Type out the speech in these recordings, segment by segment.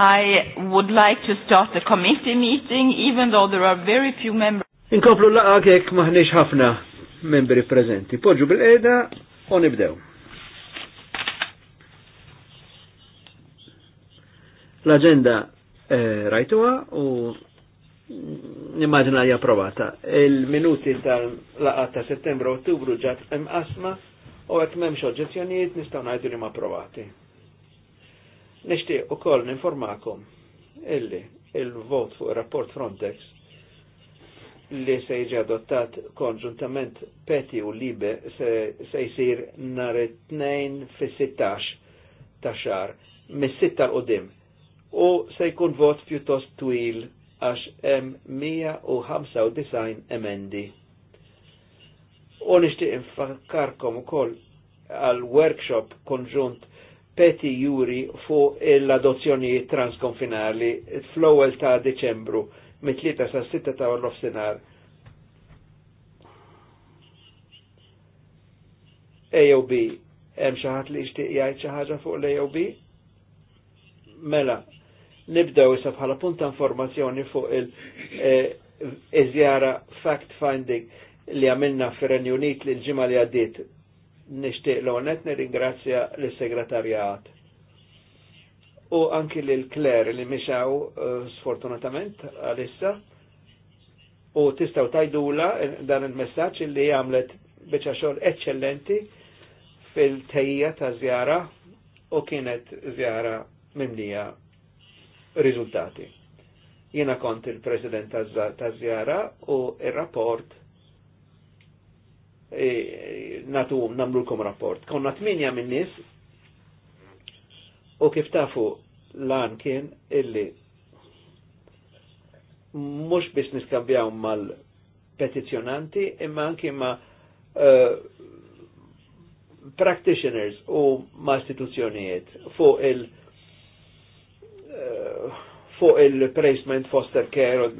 I would like to start the committee meeting, even though there are very few members. Inkomplu laqak kek maħnex ħafna membri prezenti. Poġu bil-eda, u nibdew. L-agenda eh, rajtuwa u nimmaġina li approvata. Il-minuti tal laqgħa ta' settembru-ottubru ġat imqasma u qed m'hemmx oġġezzjonijiet nistgħu ngħidu li ma' approvati. Nishtiq u koll ninformakom illi il-vot fuq il-rapport Frontex li se jiġi adottat konġuntament peti u libe se, jisir nar it-tnejn 16 ta' xar mis-sitta l-qudiem u se jkun vot pjuttost twil għax hemm 195 emendi. U nixtieq infakkarkom ukoll għal workshop konġunt peti juri fuq l-adozzjoni transkonfinali fl-ewwel ta' Deċembru mit tlieta sa' sitta ta' nofsinhar. AOB, hemm xi ħadd li jixtieq jgħid xi ħaġa fuq l-AOB? Mela, nibdew issa bħala punt ta' informazzjoni fuq il-iżjara eh, fact-finding li għamilna fir-Renju Unit li l-ġimgħa li għaddiet nishtiq l-onet nir-ingrazzja l-segretarjat. U anki l-kler li mixaw eh, sfortunatament għalissa u tistaw tajdula dan il-messagġ li għamlet bieċa xogħol eccellenti fil-tejja ta' zjara u kienet zjara mimnija riżultati. Jiena kont il-president ta' zjara u il-rapport E, natu namlulkom rapport. Konna tminja minn nis u kif tafu lan kien illi mux biss niskambjaw mal-petizjonanti imma anki ma e, practitioners u ma istituzzjonijiet fuq il- e, fuq il-placement foster care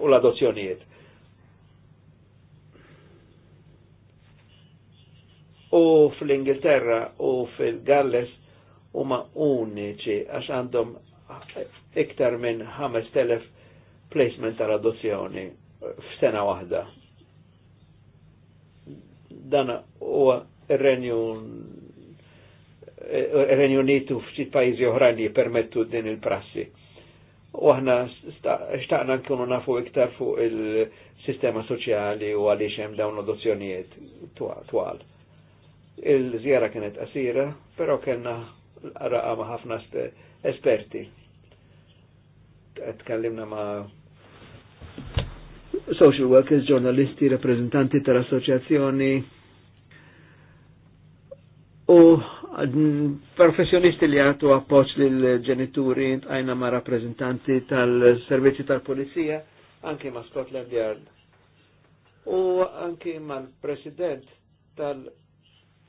u l-adozzjonijiet. u fl-Ingilterra u fil-Galles huma uniċi għax għandhom iktar minn 5000 placement tal-adozzjoni f'sena waħda. Dan huwa ir-Renju Renju Unitu f'ċit pajjiżi oħrajn li permettu din il-prassi. U aħna xtaqna nkunu nafu iktar fuq il-sistema soċjali u għaliex hemm dawn adozzjonijiet twal. Il-żjara kienet qasira, però kellna raqa ma' ħafna esperti. Tkellimna ma' social workers, ġurnalisti, rappresentanti tal-assoċjazzjoni u professjonisti li għatu appoċ l-ġenituri għajna ma' rappresentanti tal-servizzi tal-polizija, anki ma' Scotland Yard. U anki ma' president tal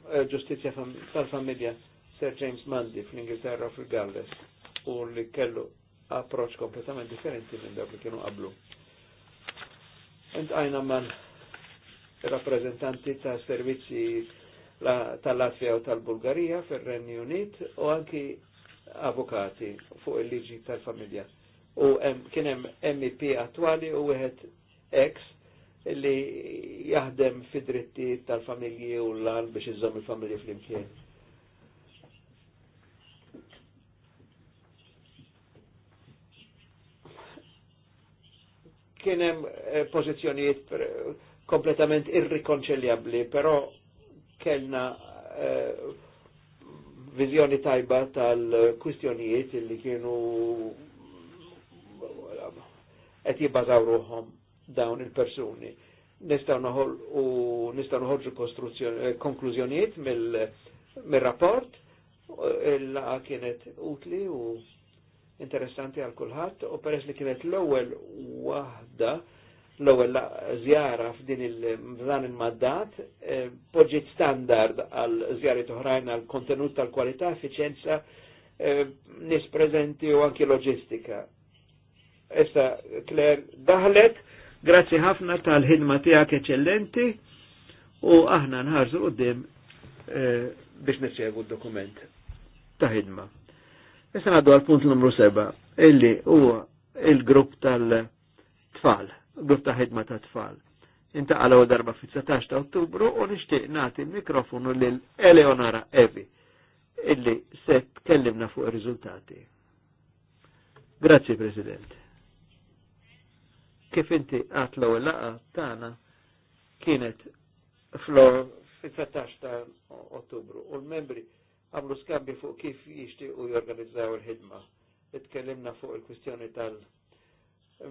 Eh, ġustizja tal-familja Sir James Mandi fl-Ingilterra fil galles u li kellu approċ kompletament differenti minn dawk li kienu qablu. Intqajna man rappresentanti ta' servizzi tal-Latvija u tal-Bulgarija fil-Renju Unit u anki avukati fuq il-liġi tal-familja. U kienem hemm MEP attwali u wieħed ex li jaħdem fi dritti tal-familji u l-lan biex iżżomm il-familji fl-imkien. Kienem eh, pozizjonijiet kompletament irrikonċeljabli, però kellna eh, vizjoni tajba tal-kwistjonijiet li kienu eh, qed jibbażaw ruħhom dawn il-persuni. Nistaw noħol u nistaw noħolġu eh, konklużjonijiet mill-rapport, mil kienet utli u interessanti għal kulħadd u peress li kienet l-ewwel waħda l-ewwel żjara f'din il-dan il-maddat eh, poġġiet standard għal żjari oħrajn għal kontenut tal-kwalità, effiċenza, eh, nis prezenti u anki loġistika. Issa Kler daħlet Grazzi ħafna tal-ħidma tiegħek eċċellenti. u aħna nħarżu qudiem eh, biex nirċevu d-dokument ta' ħidma. Issa għaddu għal punt numru 7, illi huwa il-grupp tal-tfal, grupp ta' ħidma ta' tfal. Intaqalaw darba fit-19 ta' Ottubru u nixtieq nagħti mikrofonu l Eleonora Evi illi se tkellimna fuq ir-riżultati. Grazzi President kif inti għat l laqa tagħna kienet flor fil 13 ta' Ottubru u l-membri għamlu skambi fuq kif jixtiequ jorganizzaw il-ħidma. Itkellimna fuq il-kwistjoni tal-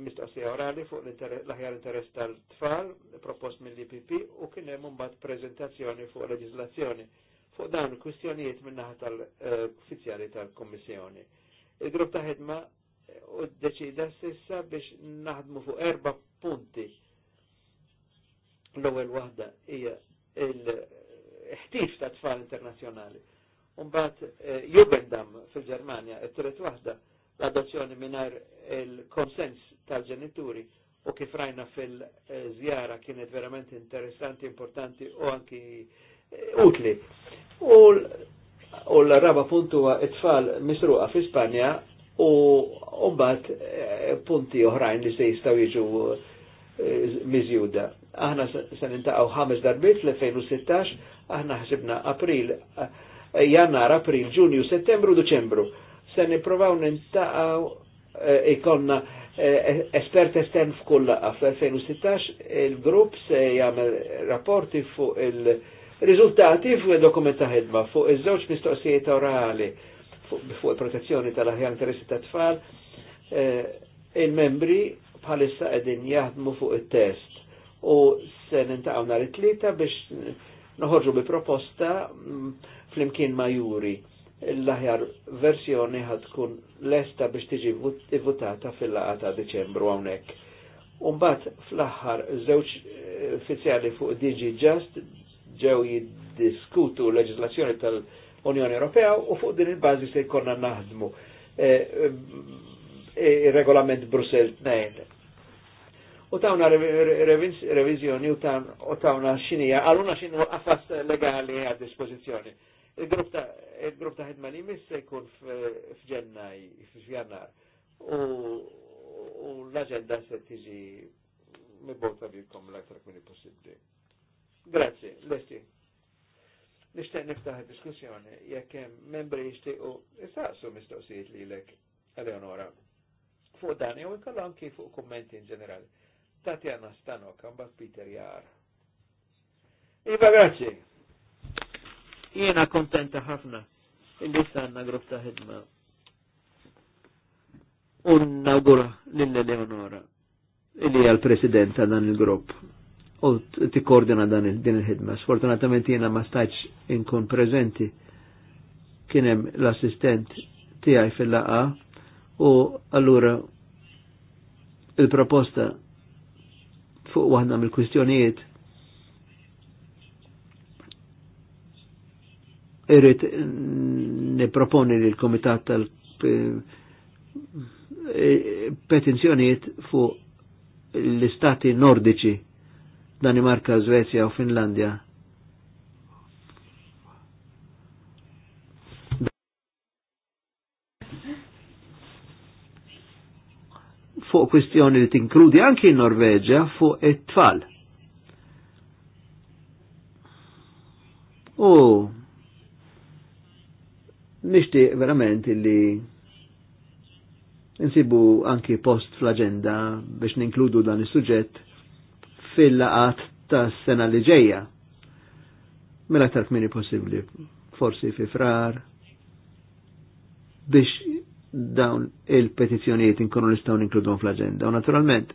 mistoqsija orali fuq l-aħjar interess tal-tfal propost mill-IPP u kien hemm mbagħad prezentazzjoni fuq leġislazzjoni fuq dawn il-kwistjonijiet minnaħa tal-uffiċjali eh, tal-Kommissjoni. Il-grupp ta' ħidma u d-deċida sissa biex naħdmu fuq erba punti. L-ewwel waħda hija il-ħtif ta' tfal internazzjonali. Umbat eh, Jubendam fil-Ġermanja, it-tret waħda l-adozzjoni minar il-konsens tal-ġenituri u kif rajna fil-żjara kienet verament interessanti, importanti u anki eh, utli. U l-raba puntu it-tfal misruqa fi Spanja u mbagħad eh, punti oħrajn li se jistgħu jiġu eh, miżjuda. Aħna se nintaqgħu ħames darbit fl-2016, aħna ħsibna April, eh, Jannar, April, Ġunju, Settembru, Deċembru. Se nipprovaw nintaqgħu ikonna espert estern f'kull laqa fl-2016 il-grupp se jagħmel rapporti fuq il-riżultati fuq il-dokumenta ħidma fuq iż-żewġ mistoqsijiet orali fuq il-protezzjoni tal-aħjar interessi ta' tfal, eh, il-membri bħalissa qegħdin jaħdmu fuq it-test u se nintaqgħu nhar it-tlieta biex noħorġu bi proposta mm, flimkien ma' juri l-aħjar versjoni ħad tkun lesta biex tiġi votata fil-laqa ta' Deċembru hawnhekk. Umbat fl-aħħar żewġ uffiċjali eh, fuq DG Just ġew jiddiskutu l leġislazzjoni tal- unjoni Ewropea u fuq din il-bażi se jkollna naħdmu e, e, e, regolament Brussel 2. U tawna revizjoni u tawna xinija, għaluna xinu għafas legali għad dispozizjoni. Il-grupp ta' ħidma li mis se jkun f'ġennaj, f'ġjannar. U l-agenda se tiġi mibbota bikom l-aktar kmini possibli. Grazie, lesti nishtaq niftaħ diskussjoni jekk hemm membri jixtiequ isaqsu mistoqsijiet lilek Eleonora. Fuq dan jew ikollha anki fuq kummenti in ġenerali. Tati għanna stanok, għambat Peter Jar. Iva, grazie. Jena kontenta ħafna. Il-lista grupp ta' ħidma. Un-nagura l-Eleonora. Illi għal-presidenta dan il-grupp u tikkordina dan din il-ħidma. Sfortunatamente jiena ma stajtx inkun preżenti kien hemm l-assistent tiegħi fil-laqa u allura il-proposta fuq wahna mill-kwistjonijiet irrit niproponi li l-Komitat tal eh, petizjonijiet fuq l-Istati Nordiċi Danimarka, Svezja u Finlandja. Fuq kwistjoni li tinkludi anki Norveġa fuq it-tfal. U nishti verament li nsibu anki post fl-agenda biex ninkludu dan is-suġġett fil-laqat ta' sena li ġeja. Mela tarf minni possibli, forsi fi frar, biex dawn il-petizjoniet inkonu nistaw ninkludon fl-agenda. U naturalment,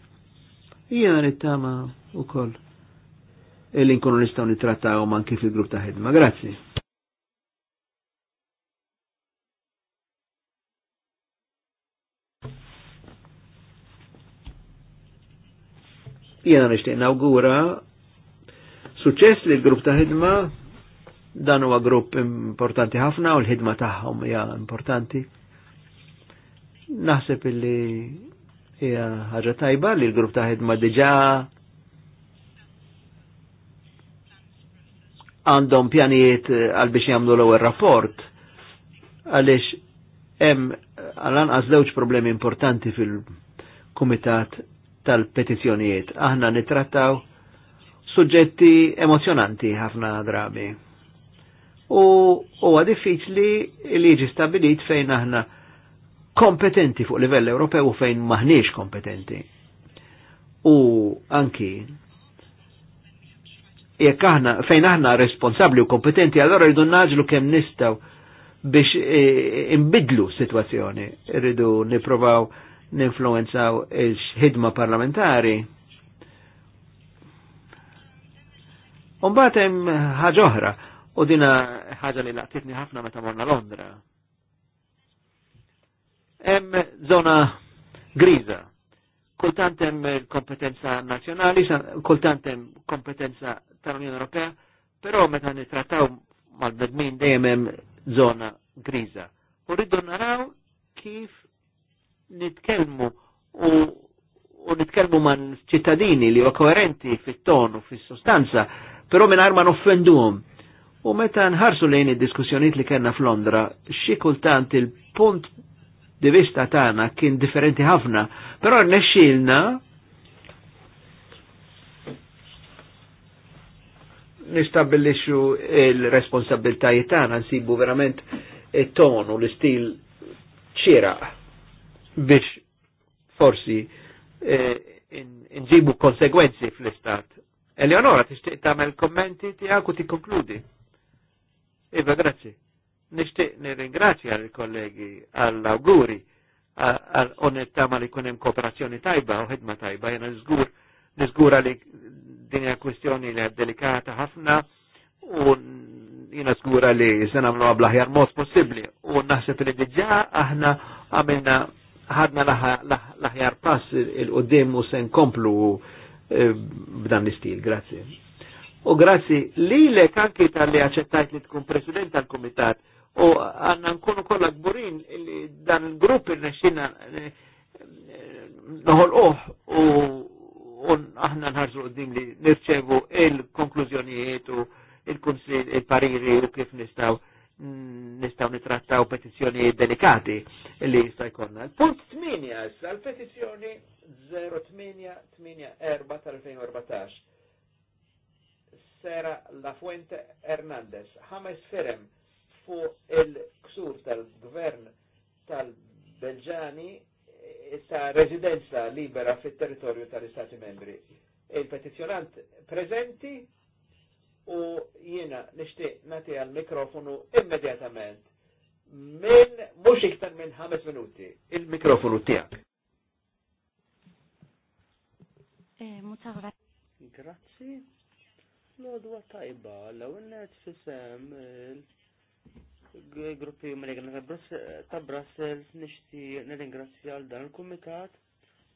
jgħan it-tama u koll il-inkonu nistaw nitrattaw man kif il-grupp ta' ħedma. Grazie. Jena nishtiq nawgura suċess li l-grupp ta' ħidma dan huwa grupp importanti ħafna u l-ħidma tagħhom hija importanti. Naħseb illi hija ħaġa tajba li l-grupp ta' ħidma diġà għandhom pjanijiet għal biex jagħmlu l-ewwel rapport għaliex hemm għal anqas żewġ problemi importanti fil-kumitat tal-petizjonijiet. Aħna nitrattaw suġġetti emozjonanti ħafna drabi. U huwa diffiċli li jiġi stabilit fejn aħna kompetenti fuq livell Ewropew u fejn maħniex kompetenti. U anki jekk aħna fejn aħna responsabbli u kompetenti, allora rridu naġlu kemm nistgħu biex eh, imbidlu situazzjoni. Rridu niprovaw ninfluenzaw il-ħidma parlamentari. Umbatem hemm ħaġa oħra u dina ħagħa li laqtitni ħafna meta morna Londra. Hemm zona griża. Kultant hemm kompetenza nazzjonali, kultant hemm kompetenza tal-Unjoni Ewropea, però meta nittrattaw mal-bedmin dejjem hemm zona griża. U rridu naraw kif nitkellmu u, u nitkellmu man ċittadini li huwa koerenti fit-ton u fis-sostanza, però mingħajr ma offenduhom U meta nħarsu lejn id-diskussjonijiet li kellna f'Londra, xi kultant il-punt di vista tagħna kien differenti ħafna, però nexxielna nistabbilixxu il-responsabbiltajiet tagħna nsibu verament it-ton u l-istil ċieraq biex forsi eh, nġibu konsegwenzi fl-istat. Eleonora, tixtieq tagħmel kommenti għaku ti konkludi. Iva, grazzi. Nixtieq nirringrazzja l-kollegi għall-awguri għal-onetta ma li kunem kooperazzjoni tajba u ħidma tajba, jena nizgur, nizgura li din kwestjoni li delikata ħafna u jena zgura li s-sena mlu għabla ħjar mod possibli u naħseb li diġa aħna għamilna ħadna laħjar pass il-qoddim u sen komplu eh, b'dan l-istil, grazie. U grazie, li le kanki tal-li għaċettajt li tkun president tal-komitat u għanna nkunu kolla gburin li dan il-grupp il-nexxina eh, noħol uħ u aħna nħarġu għoddim li nirċevu il-konklużjonijiet u il-kunsil, il-pariri u kif nistaw nistaw nitrattaw petizjoni delikati li jista' jkollna. Punt 8 issa l-petizzjoni 0884 tal-2014. Sera La Fuente Hernandez, ħames ferem fuq il-ksur tal-gvern tal-Belġani ta' residenza libera fit-territorju tal-Istati membri. Il-petizjonant prezenti u jiena nixtieq nati għal-mikrofonu immedjatament minn mhux iktar minn ħames minuti il-mikrofonu tiegħek. Eh, Grazzi. Lodwa tajba, law innet fissem il-gruppi eh, mlegna ta' Brussels nixtieq nirringrazzja għal dan il-kumitat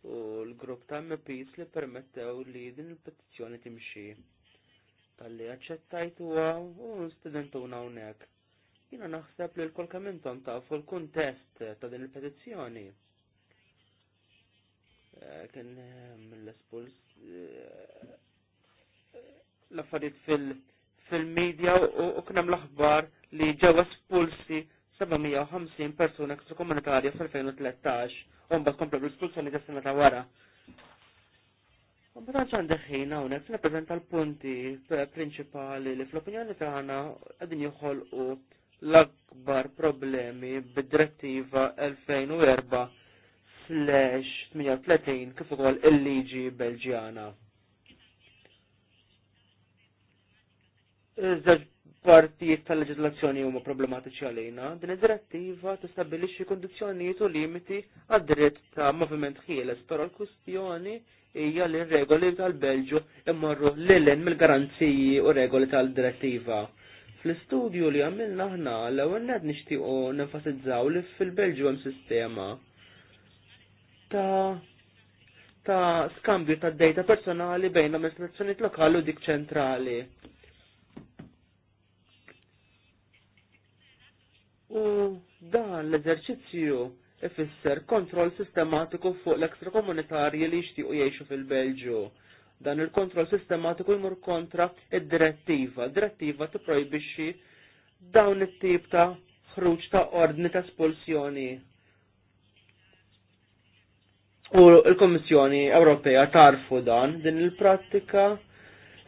u l-grupp ta' MPs li permettew li din il-petizzjoni timxi tal-li għacċettajtu u studentuna unek. Jina naħseb li l-kol kamintom ta' fu l-kontest ta' din il-petizjoni. Eh, kien eh, mill espuls eh, laffariet fil-medja u hemm l-aħbar li ġew spulsi 750 persuna komunitarja fil-2013 u mbagħad komplu l-espulsjoni ta' sena ta' wara. U meta ġan deħħina hawnhekk nippreżenta l-punti prinċipali li fl-opinjoni tagħna qegħdin joħolqu l-akbar problemi bid-direttiva 2004 38 kif ukoll il-liġi Belġjana. Żewġ partijiet tal-leġislazzjoni huma problematiċi għalina, din id-direttiva tistabbilixxi kondizzjonijiet u limiti għad-dritt ta' moviment ħieles, però l-kwistjoni hija li regoli tal-Belġu imorru lilin mill-garanziji u regoli tal-direttiva. Fl-istudju li għamilna aħna l-ewwel qed nixtiequ nenfasizzaw li fil-Belġu hemm sistema ta' ta' skambju ta' data personali bejn amministrazzjonijiet lokali u dik ċentrali. U dan l-eżerċizzju ifisser kontroll sistematiku fuq l-ekstrakomunitarji li jixtiequ jgħixu fil-Belġju. Dan il-kontroll sistematiku jmur kontra id-direttiva. Direttiva tipprojbixxi dawn it-tip ta' ħruġ ta' ordni ta' espulsjoni. U l komissjoni Ewropea tarfu dan din il-prattika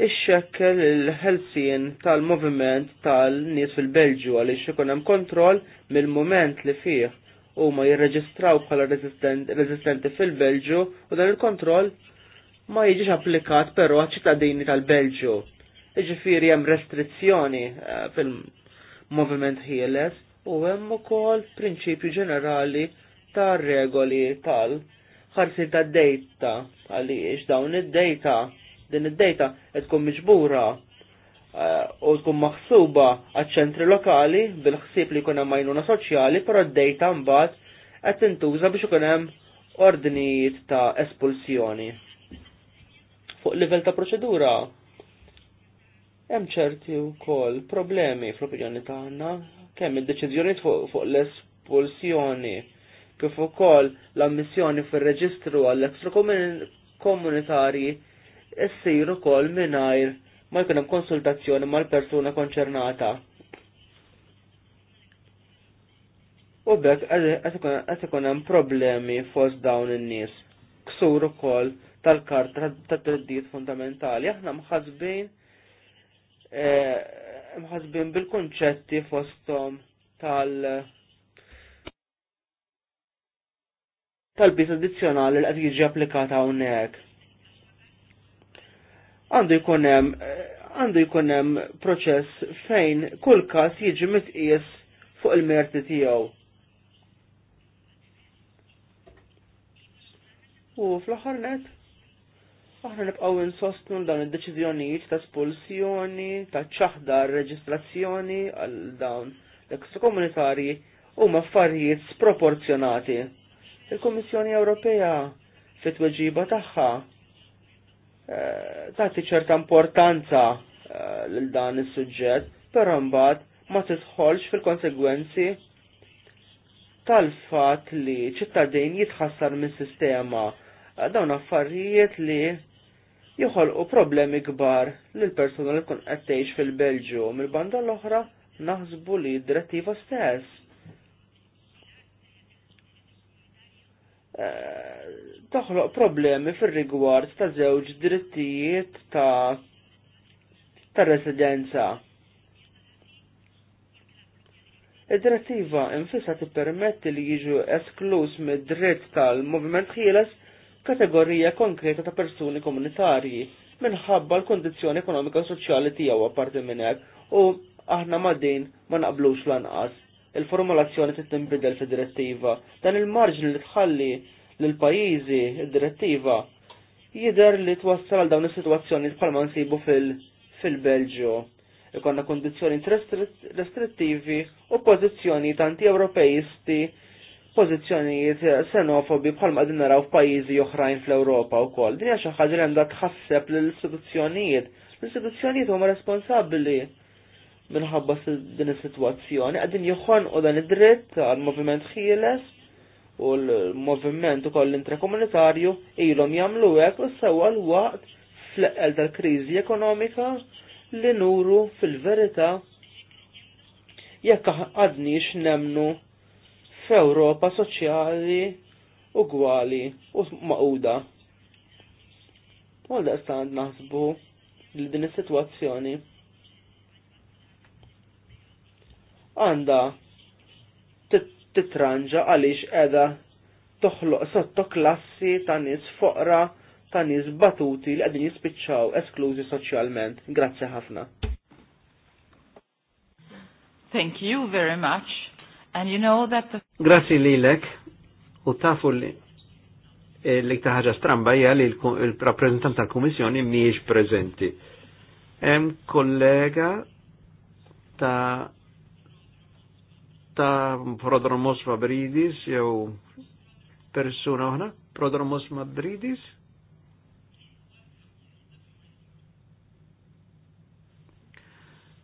ixxekkel il-ħelsien tal-moviment tal-nies fil-Belġu għaliex ikun hemm kontroll mill-moment li fih u ma jirreġistraw bħala rezistenti fil-Belġu u dan il-kontroll ma jiġix applikat però ċittadini tal-Belġu. Iġifiri hemm restrizzjoni eh, fil-moviment ħieles u hemm ukoll prinċipju ġenerali ta' regoli tal-ħarsi tad-dejta għaliex dawn id-dejta din id-dejta qed tkun miġbura Eh, u tkun maħsuba għal ċentri lokali bil-ħsieb li jkun hemm għajnuna soċjali, però d-dejta mbagħad qed tintuża biex ikun hemm ordinijiet ta' espulsjoni. Fuq livell ta' proċedura hemm ċerti wkoll problemi fl-opinjoni tagħna kemm id-deċiżjonijiet fuq l-espulsjoni kif ukoll l-ammissjoni fir-reġistru għall-ekstra komunitarji issir ukoll mingħajr ma jkun hemm konsultazzjoni mal-persuna konċernata. U bekk qed ikun hemm problemi fost dawn in-nies. Ksur ukoll tal-karta tad-drittijiet fundamentali. Aħna mħasbin eh, mħasbin bil kunċetti fosthom tal- tal-bis addizzjonali li qed jiġi applikata hawnhekk għandu jkun hemm għandu jkunem proċess fejn kull każ jiġi mitqies fuq il-merti tiegħu. U fl-aħħar net aħna nibqgħu insostnu dawn id-deċiżjonijiet ta' spulsjoni, ta' ċaħdar reġistrazzjoni għal dawn l-ekstrakomunitarji huma affarijiet sproporzjonati. Il-Kummissjoni Ewropea fit-tweġiba tagħha Eh, tagħti ċerta importanza eh, lil dan is-suġġett, però mbagħad ma tidħolx fil-konsegwenzi tal-fatt li ċittadin jitħassar mis-sistema eh, dawn affarijiet li joħolqu problemi kbar lil persuna li tkun qed tgħix fil-Belġju mill-banda l-oħra naħsbu li d-direttiva stess Eh, toħloq problemi fir-rigward ta' żewġ drittijiet ta' ta' residenza. Id-direttiva infissa tippermetti li jiġu esklus mid-dritt tal-moviment ħieles kategorija konkreta ta' persuni komunitarji minħabba l-kondizjoni ekonomika u soċjali tiegħu apparti minn hekk u aħna ma' din ma naqblux lanqas il-formulazzjoni trid tinbidel fid-direttiva. Dan il marġin li tħalli l pajjiżi id-direttiva jidher li twassal għal dawn is-sitwazzjoni bħalma nsibu fil-Belġio. Ikonna kondizjoni restrittivi u pożizzjoni tanti Ewropejisti pożizzjonijiet xenofobi bħalma qegħdin naraw f'pajjiżi oħrajn fl-Ewropa wkoll. Din hija xi ħaġa li għandha tħasseb lill-istituzzjonijiet. L-istituzzjonijiet huma responsabbli minħabba din is-sitwazzjoni qegħdin joħonqu dan id-dritt għal moviment ħieles u l-moviment ukoll intrakomunitarju ilhom jagħmlu hekk u sewwa l-waqt fl-eqqel tal-kriżi ekonomika li nuru fil-verità jekk għadniex nemnu f'Ewropa soċjali ugwali u maquda. Għal daqstan naħsbu li din is-sitwazzjoni għandha titranġa għaliex edha toħloq sotto klassi ta' nis foqra ta' nis batuti li qegħdin jispiċċaw esklużi soċjalment. Grazzi ħafna. Thank you very much. And you know that the... Grazzi lilek u tafu li e, li taħġa stramba hija li l-rappresentant tal-Kummissjoni mhijiex preżenti. Hemm kollega ta' ta' Prodromos Fabridis, jew persuna oħra, Prodromos Madridis?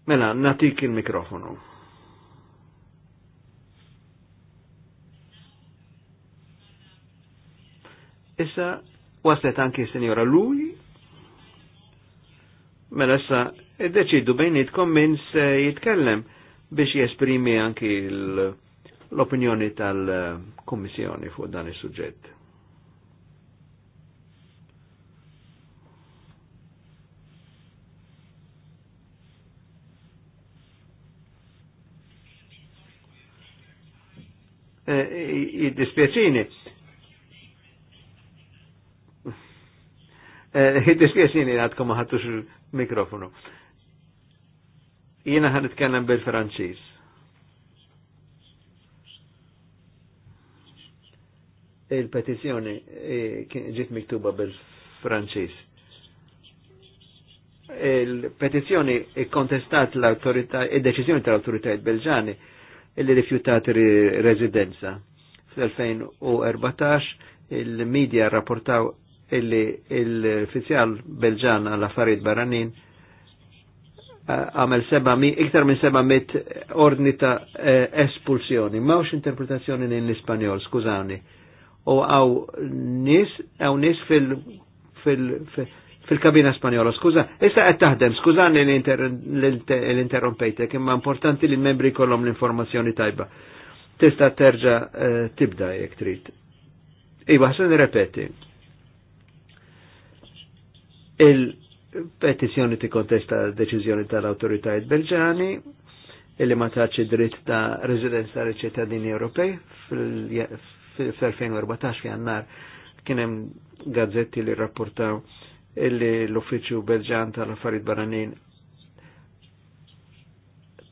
Mela, natik il-mikrofonu. Issa waslet anki senjora lui, mela issa id-deċidu bejn jitkom minn se jitkellem biex jesprimi anki l-opinjoni tal-Kommissjoni fuq dan is-suġġett. Jiddispieċini. Eh, Jiddispieċini E, Jiddispjaċini eh, għadkom maħatux il-mikrofonu. Jiena ħan itkellem bil-Franċiż. Il-petizzjoni eh, ġiet miktuba bil-Franċiż. Il-petizzjoni kontestat l-autorità, id-deċiżjoni tal-autoritajiet Belġani illi rifjutat residenza. Fl-2014 il-medja rapportaw illi l-uffiċjal Belġan għall affarijiet barranin għamel iktar minn 700 ordni ta' eh, espulsjoni. Mawx interpretazzjoni in l-Ispanjol, skużani. U għaw nis, għaw nis fil-kabina spanjola, skuza, issa għed taħdem, skużani l interrompejte imma importanti li membri kollom l-informazzjoni tajba. Tista terġa eh, tibda jek trid. Iba, ħsan repeti. Petizjoni ti kontesta deċiżjoni tal-autoritajiet belġani illi ma taċ dritt ta' residenza li ċittadini Ewropej fil-2014 fi għannar kienem gazzetti li rapportaw illi l uffiċu Belġan tal affarid Baranin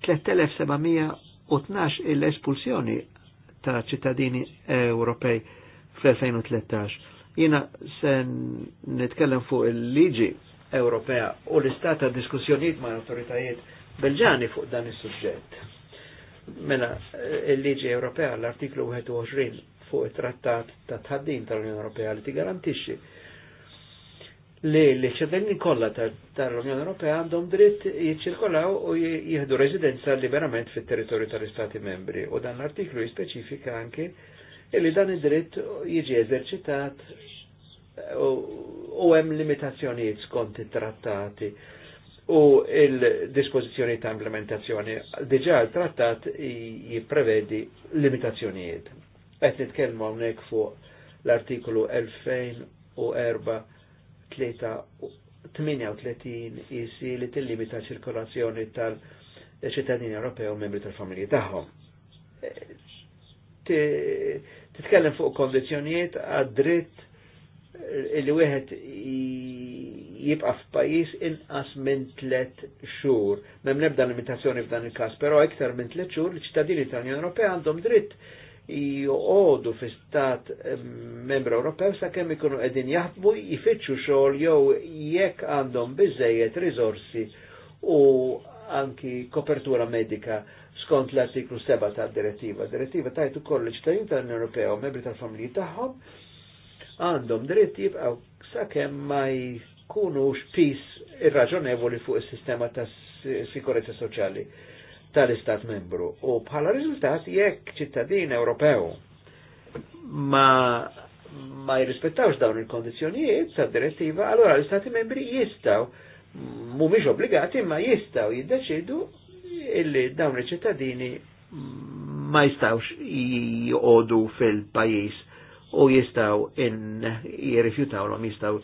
3712 il-espulsjoni ta' ċittadini Ewropej fil 2013 Jina sen nitkellem fuq il-liġi Ewropea u l-istat diskussjoniet diskussjonijiet ma' autoritajiet belġani fuq dan is-suġġett. Mela, eh, il-liġi Ewropea l-artiklu 21 fuq it-trattat ta' tħaddin tal-Unjoni Ewropea li tigarantixxi li l-ċittadini kollha tal-Unjoni Ewropea għandhom dritt jiċċirkolaw u jieħdu residenza liberament fit-territorju tal-Istati membri u dan l-artiklu jispeċifika anke li dan id-dritt jiġi eżerċitat u u hemm limitazzjonijiet skont it-trattati u il-dispożizzjoni ta' implementazzjoni. Diġà il-trattat jipprevedi limitazzjonijiet. Qed nitkellmu hawnhekk fuq l-artikolu 2004 38 isi li tillimita ċirkolazzjoni tal-ċittadini Ewropew membri tal-familji tagħhom. Titkellem fuq kondizjonijiet għad-dritt li wieħed jibqa' f'pajjiż inqas minn tliet xhur. Mem nebda limitazzjoni f'dan il-każ, però iktar minn tliet xhur l-ċittadini tal-Unjoni Ewropea għandhom dritt joqogħdu fi stat membru Ewropew sakemm ikunu qegħdin jaħdmu jifittxu xogħol jew jekk għandhom biżejjed riżorsi u anki kopertura medika skont l-artiklu 7 tad-direttiva. Direttiva tajtu koll l-ċittadini tal-Unjoni Ewropea u membri tal-familji tagħhom għandhom dritt jibqaw sakemm ma jkunux pis irraġonevoli fuq is-sistema ta' sikurezza soċjali tal-Istat membru. U bħala riżultat jekk ċittadin Ewropew ma ma jirrispettawx dawn il-kondizjonijiet tad direttiva, allora l-Istati membri jistaw, mumiex obbligati, ma jistaw jiddeċidu illi dawn il-ċittadini ma jistawx joqodu fil-pajis u jistaw in l-om jistaw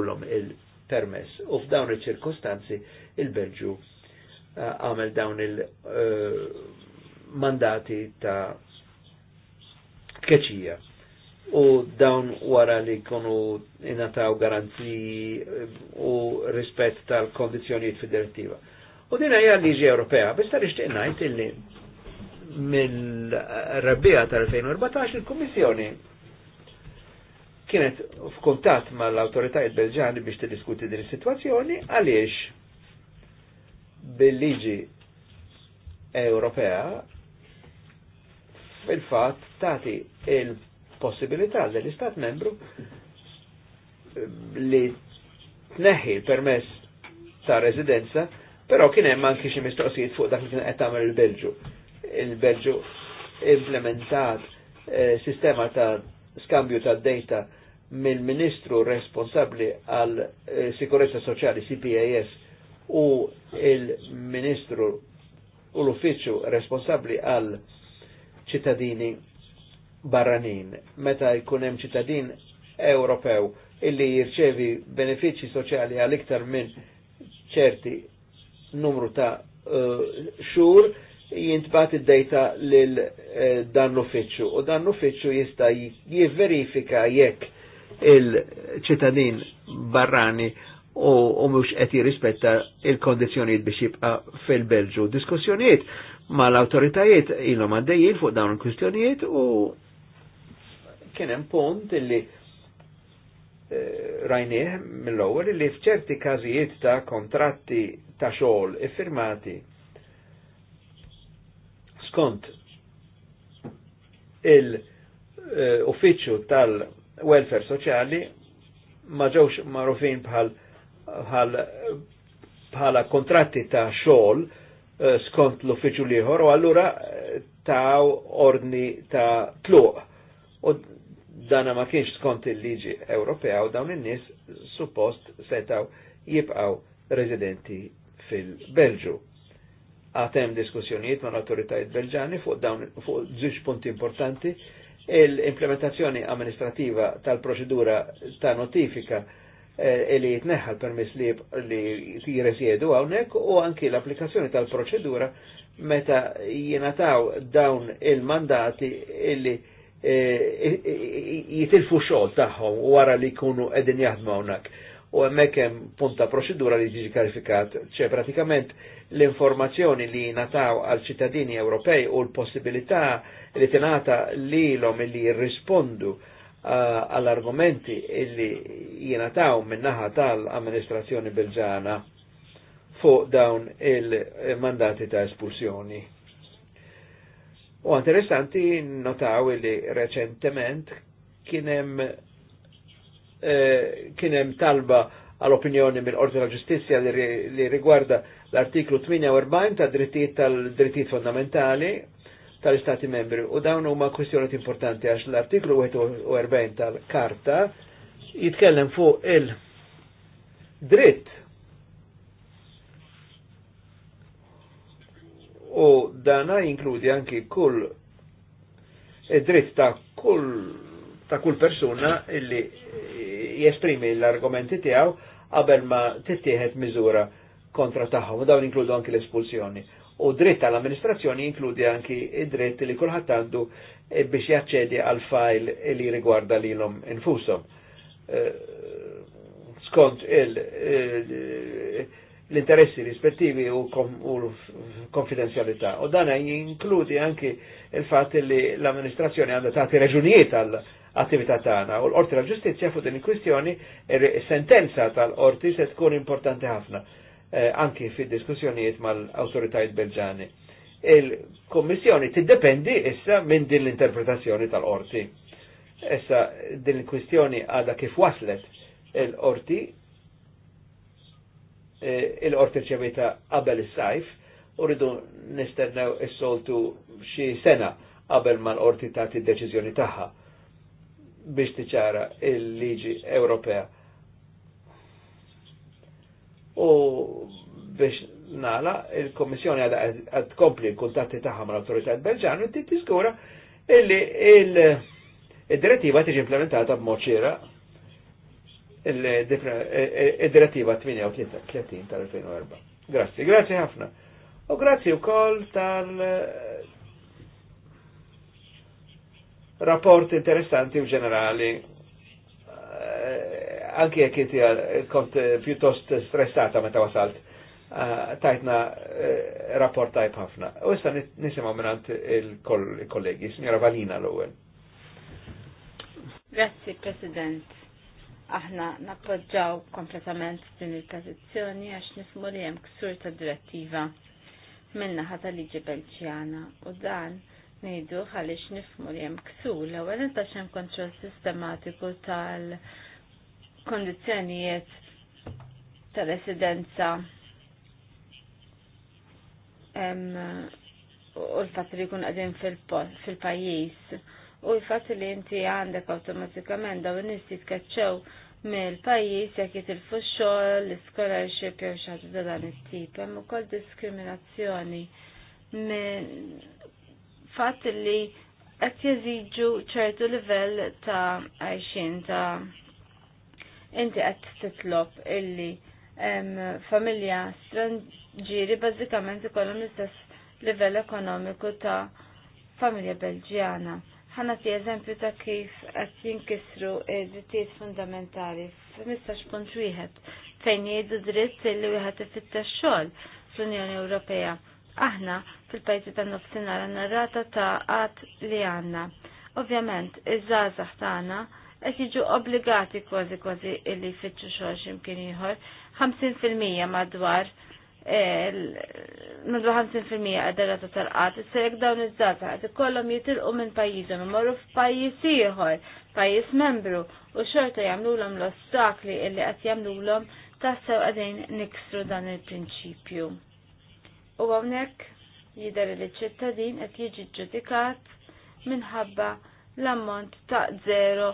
l-om il-permess. U f'dawn il-ċirkostanzi il-Belġu eh, għamel dawn il-mandati eh, ta' tkeċija u dawn wara li konu inataw garanzi eh, u rispett tal kondizjoni fi direttiva. U dina hija liġi Ewropea, biex ta' nixtieq ngħid illi mill rabbija tal-2014 il-Kummissjoni kienet f'kuntatt mal-autoritajiet belġani biex t-diskuti din is-sitwazzjoni għaliex bil-liġi Ewropea fil-fatt tagħti il-possibilità dell-Istat membru li tneħħi permess ta' residenza, però kien hemm anki xi mistoqsijiet fuq dak li kien qed tagħmel il-Belġu. Il-Belġu implementat eh, sistema ta' skambju ta' data mill-Ministru responsabli għal eh, sikurezza soċjali CPAS u il-Ministru u l-Uffiċċju responsabli għal ċittadini barranin. Meta jkun hemm ċittadin Ewropew illi jirċevi benefiċċji soċjali għal iktar minn ċerti numru ta' eh, xhur xur jintbat id-dejta lil eh, dan l-uffiċċju u dan l-uffiċċju jista' jivverifika jekk il-ċittadin barrani u, mux qed jirrispetta il-kondizjonijiet biex jibqa fil-Belġu. Diskussjonijiet ma l-autoritajiet ilhom għaddejjin fuq dawn il-kwistjonijiet u kien hemm punt illi eh, rajnieh mill-ewwel li f'ċerti każijiet ta' kontratti ta' xogħol iffirmati skont il-uffiċċju eh, tal- welfare soċjali ma ġewx marufin bħal bħal bħala kontratti ta' xogħol eh, skont l uffiċċju lieħor u allura eh, ta' ordni ta' tluq. U dana ma kienx skont il-liġi Ewropea u dawn in-nies suppost setaw jibqaw residenti fil-Belġu. Għatem diskussjonijiet ma' l-autoritajiet belġani fuq dawn fuq żewġ punti importanti l-implementazzjoni amministrativa tal-proċedura ta' notifika eh, li jitneħħal permess li, li jirresiedu għawnek u anki l-applikazzjoni tal-proċedura meta jenataw dawn il-mandati illi eh, jitilfu xogħol tagħhom wara li jkunu qegħdin jaħdmu hawnhekk u emmekem hemm punta proċedura li jiġi karifikat, ċe pratikament l-informazzjoni li nataw għal ċittadini Ewropej u l-possibilità li l lilhom li jirrispondu eh, għall-argumenti li jenataw minnaħa tal-amministrazzjoni belġana fuq dawn il-mandati ta' espulsjoni. U interessanti notaw li reċentement kienem Eh, kien hemm talba għal-opinjoni mill qorti tal-Ġustizzja li rigwarda l-artiklu 48 ta' drittijiet tal-drittijiet fondamentali tal-Istati membri u dawn huma kwistjoni importanti għax l-artiklu 41 tal-Karta jitkellem fuq il-dritt u dana jinkludi anki kull id-dritt ta' kull ta' kull persuna illi jesprimi l-argumenti tijaw qabel ma tittieħed miżura kontra tagħhom u dawn inkludu anki l-espulsjoni. U dritt tal-amministrazzjoni inkludi anki id-dritt li kullħat għandu eh, biex jaċċedi għal fajl li rigwarda l-om infushom. Eh, skont eh, l-interessi rispettivi u, konfidenzjalità. U dan jinkludi anki il fat li l-amministrazzjoni għandha taħti reġunijiet għal attività tagħna. U l-Qorti tal-Ġustizzja fuq din il-kwistjoni er-, sentenza tal-Qorti se tkun importanti ħafna eh, anki fid-diskussjonijiet mal-awtoritajiet Belġani. Il-Kommissjoni tiddependi issa minn din l-interpretazzjoni tal-Qorti. Issa din il-kwistjoni għada kif waslet il-Qorti eh, il-qorti ċevita qabel is-sajf u rridu nistennew is-soltu xi sena qabel mal qorti tagħti d-deċiżjoni tagħha biex tiċara il-liġi Ewropea. U biex nala, il-Komissjoni għad kompli l-kuntatti taħħa mal autoritajt Belġan u tiskura illi il-direttiva tiġi implementata b'mod ċira il-direttiva 38 tal-2004. Grazie, grazie ħafna. U grazie u koll tal rapport interessanti u ġenerali. Eh, anki jek inti eh, kont eh, pjuttost stressata meta wasalt, tajtna rapport tajb ħafna. U issa nisimaw minnant il-kollegi, signora Valina l Grazzi, President. Aħna nappoġġaw kompletament din il-pozizjoni għax nifmu li hemm ksur ta' direttiva naħa tal liġi Belġjana u dan nejdu għalix nifmu li jem ksur l ewwel ta' xem kontrol sistematiku tal-kondizjonijiet ta' residenza u l-fat li kun għadin fil-pajis u l-fat li inti għandek automatikament daw n-nis jitkaċċew mill-pajis jek jitilfu xogħol, l-scholarship jew xi ħaġa dan it-tip, hemm ukoll diskriminazzjoni fatt li qed jeżiġu ċertu livell ta' għajxin ta' inti qed titlob illi familja stranġieri bażikament ikollhom l-istess livell ekonomiku ta' familja Belġjana. Ħana ti eżempju ta' kif qed jinkisru drittijiet fundamentali punt wieħed fejn jgħidu dritt li wieħed ifittex xogħol fl-Unjoni Ewropea Aħna fil-pajzi ta' nofsinhar għandna rata ta' għat li għandna. Ovvjament, iż-żgħażagħ tagħna qed jiġu obbligati kważi kważi li jfittxu xogħol kien ieħor. 50% madwar madwar 50% għad-darata tal-qat, se jek dawn iż-żata għad ikollhom jitilqu minn pajjiżhom imorru f'pajjiż ieħor, pajjiż membru, u xorta jagħmlulhom l-ostakli illi qed jagħmlulhom tassew għadin niksru dan il-prinċipju. U għonek jider li ċittadin qed jiġi ġudikat minħabba l-ammont ta' zero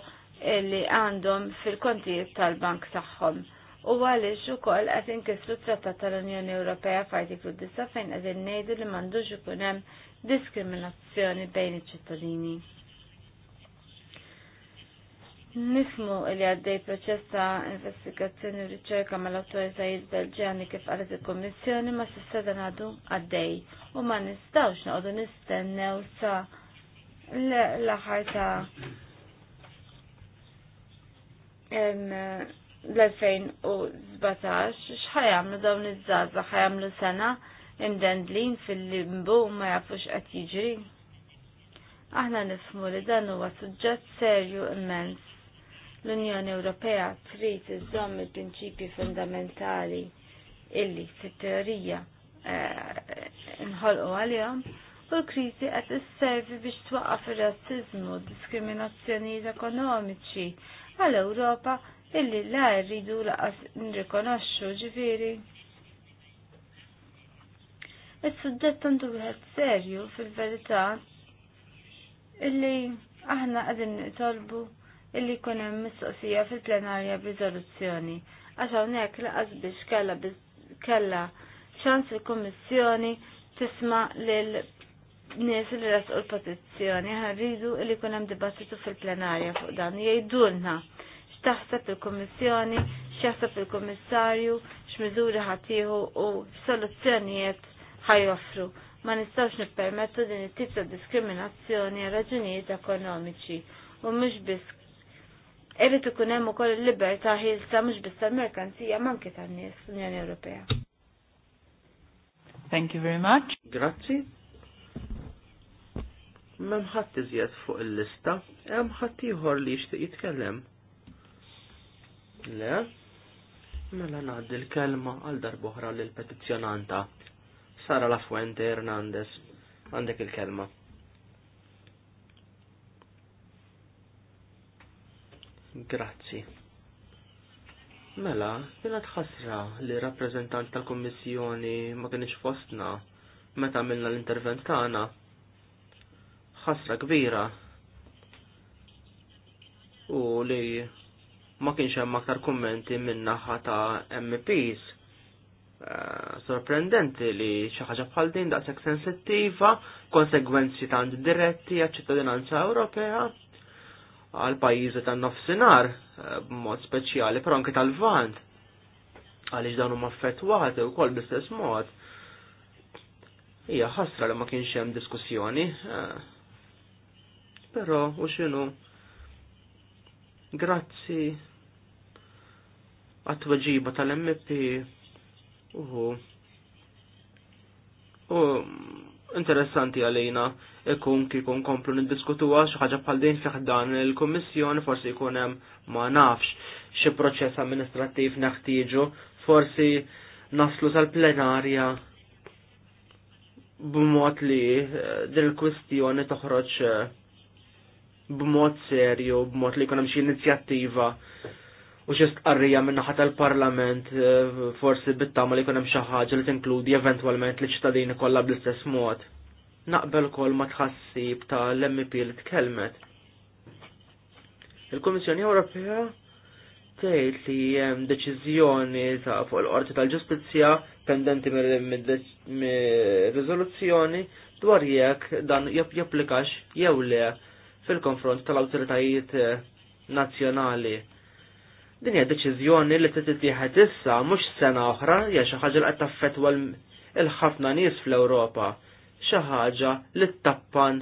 li għandhom fil-kontijiet tal-bank tagħhom. U għaliex ukoll qed inkisru trattat tal-Unjoni Ewropea f'artiklu 9 fejn qegħdin ngħidu li m'għandux ikun hemm diskriminazzjoni bejn iċ-ċittadini. Nifmu li għaddej proċess ta' investigazzjoni riċerka mal autoritajiet Belġjani kif qalet il komissjoni ma s dan għaddu għaddej u ma nistawx noqogħdu nistennew sa l-aħħar ta' l-2017 x'ħajamlu dawn iż-żgħażla ħajamlu sena imdendlin fil-limbu ma jafux qed jiġri. Aħna nifmu li dan huwa suġġett serju immens l-Unjoni Ewropea trid iżomm il-prinċipji fundamentali illi fit-teorija eh, nħolqu għalihom u l-kriżi qed isservi biex twaqqaf ir-razziżmu, diskriminazzjonijiet ekonomiċi għal Ewropa illi la jridu laqas nrikonoxxu ġifieri. Is-suġġett għandu wieħed serju fil-verità illi aħna qegħdin nitolbu illi jkun hemm mistoqsija fil-plenarja b'riżoluzzjoni għax hawnhekk laqas biex kellha ċans il-Kummissjoni tisma' lil nies li rasqu l-petizzjoni rridu illi jkun hemm dibattitu fil-plenarja fuq dan jgħidulna x'taħseb il-Kummissjoni, x'jaħseb il-Kummissarju, x'miżuri ħatiħu u x'soluzzjonijiet ħajoffru. Ma nistgħux nippermettu din it-tip ta' diskriminazzjoni għal raġunijiet ekonomiċi u mhux biss irrid ikun hemm ukoll il-libertà ħilsa mhux biss tal-merkanzija manki tan-nies fl-Unjoni Ewropea. Thank you very much. Grazzi. Mem ħadd iżjed fuq il-lista, hemm ħadd ieħor li jixtieq jitkellem. Le? Mela ngħaddi l-kelma għal darba oħra lill-petizzjonanta. Sara La Fuente Hernandez, għandek il-kelma. Grazzi. Mela, jena tħasra li rappresentant tal-Kommissjoni ma kienx fostna meta għamilna l-intervent tagħna. Ħasra kbira. U li ma kienx hemm aktar kummenti minn naħa ta' MPs. Eh, sorprendenti li xi ħaġa bħal din daqshekk sensittiva, konsegwenzi tant diretti għaċ-ċittadinanza Ewropea għal pajjiżi tan-nofsinhar eh, b'mod speċjali, però anke tal-Vant għaliex dawn huma affettwati wkoll bl-istess mod. Hija ħasra li ma kienx hemm diskussjoni. Eh. Però u x'inhu grazzi għat-tweġiba tal-MP uhu u interessanti għalina ikun kikun komplu niddiskutuha xi ħaġa bħal din fih dan il-Kummissjoni forsi jkun hemm ma nafx xi proċess amministrattiv neħtieġu, forsi naslu tal-plenarja b'mod li eh, din il-kwistjoni toħroġ eh, b'mod serju, b'mod li jkun hemm xi inizjattiva u xi stqarrija minn naħa tal-Parlament eh, forsi bit-tama li jkun hemm xi ħaġa li tinkludi eventwalment li ċittadini kollha bl-istess mod naqbel kol ma tħassib ta' l-MP li tkellmet. Il-Komissjoni Ewropea tgħid li hemm deċiżjoni ta' fuq il-Qorti tal-Ġustizzja pendenti mir-riżoluzzjoni dwar jekk dan japplikax jew le fil-konfront tal-awtoritajiet nazzjonali. Din hija deċiżjoni li titieħed issa mhux sena oħra hija xi ħaġa li qed taffettwa il-ħafna nies fl-Ewropa xi ħaġa li tappan